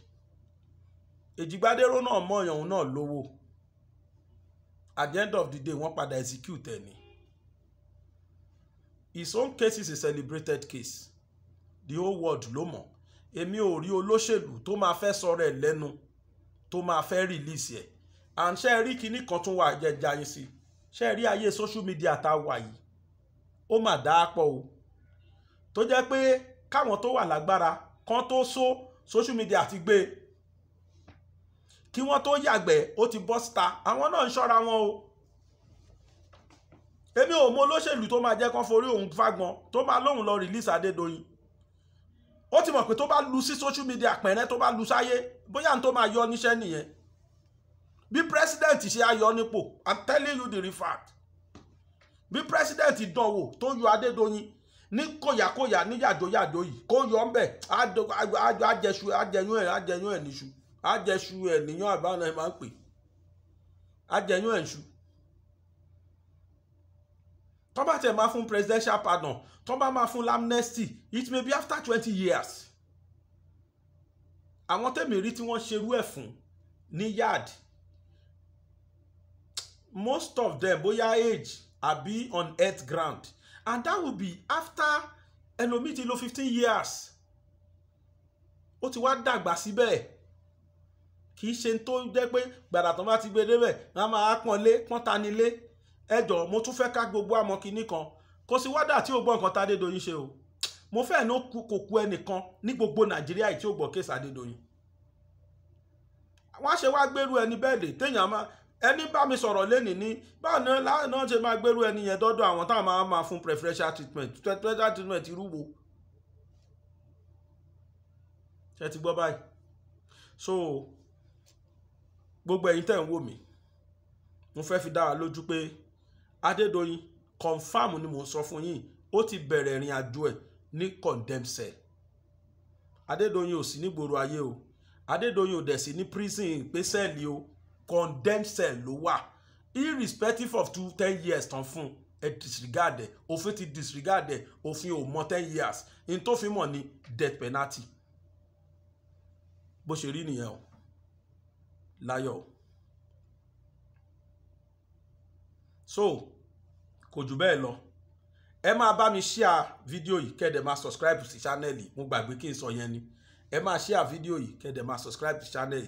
èjìgbádéró náà mọ̀yàn òun náà lówó at the end of the day wọ́n padà execute ẹ̀ ni his own case is a celebrated case the whole world ló mọ̀ èmi ò rí olóṣèlú tó máa fẹ́ sọ̀rọ̀ ẹ̀ lẹ́nu tó máa fẹ́ release ẹ̀ à ń ṣe rí kinní kan tún wà jẹjẹ ayé sí ṣe rí ayé social media tá a wà yìí ó mà dáa pọ̀ o tó jẹ́ pé káwọn tó wà lágbára kan tó so social media ti gbé e. kí wọ́n tó yàgbẹ́ ó ti bọ́ síta àwọn náà ń ṣọ́ra wọn o èmi ò mọ olóṣèlú tó máa jẹ́ kán forí òun fagbọn tó máa lóun lọ release Adédoyin ó ti mọ̀ pé tó bá lu sí social media pẹ̀rẹ́ tó bá lu sáyé bóyá n tó máa yọ níṣẹ́ nìyẹn bí president ṣe ayọ̀ nípò I'm telling you the real fact bí pírẹsidẹ́ǹtì dánwò tó yọ Adédoyin ní kòyàkòyà ní yàjóyàjó yìí kó yọ ọ́nbẹ̀ ajẹṣu ajẹyún ẹ̀ ajẹyún ẹ̀ níṣu ajẹṣu ẹ̀ níyàn àbáwọn ẹ̀ máa ń pè ajẹyún ẹ̀ níṣu tó bá tẹ̀ máa fún presidential pardon tó bá máa fún amnesty it may be after twenty years àwọn tẹ̀mí rí tí wọ́n ṣerú ẹ̀ fún ní yard most of them bóyá age àbí on earth ground and that will be after ẹlòmíì ti lò fifteen years ó ti wá dàgbà síbẹ̀ kì í ṣe tó jẹ́ pé gbàdà tó bá ti gbé débẹ̀ wọ́n á máa pọ́nlé pọ́ntanilé ẹjọ́ mo tún fẹ́ ká gbogbo àmọ́ kinní kan kò sí wádà tí ò gbọ́ nǹkan tá Adédoyin ṣe o mo fẹ́ ní kò ku ẹnìkan ní gbogbo Nàìjíríà yìí tí ò gbọ́ kéésì Adédoyin wọ́n á ṣe wá gbèrú ẹni bẹ́ẹ̀ lè téèyàn máa ẹni bá mi sọ̀rọ̀ lẹ́nìí ní báwo ni láàánú ṣe máa gbérú ẹni yẹn dọ́dọ̀ àwọn táwọn máa máa fún preferential treatment preferential treatment irú wo ṣe ti gbọ́ báyìí so gbogbo ẹ̀yin tẹ̀ ń wò mí mo fẹ́ fi dá wa lójú pé Adédoyin confam ni mo sọ fún yín ó ti bẹ̀rẹ̀ ìrìn àjò ẹ̀ ní condemn cell Adédoyin ò sí nígboro ayé o Adédoyin ò dẹ̀ sí ní prison pé sẹ́ẹ̀lì o condemned cell ló wà irrespective of two ten years tán fún ẹ disregard ẹ òfin ti disregard ẹ òfin ò mọ ten years n tó fi mọ̀ ní death penalty bó ṣe rí nìyẹn o láyọ̀ o so kò jù bẹ́ẹ̀ lọ ẹ máa bá mi share fídíò yìí kẹ́dẹ̀ máa subscribe sí channel yìí mo gbàgbé kí n sọ yẹn ni ẹ máa share fídíò yìí kẹ́dẹ̀ máa subscribe sí channel yìí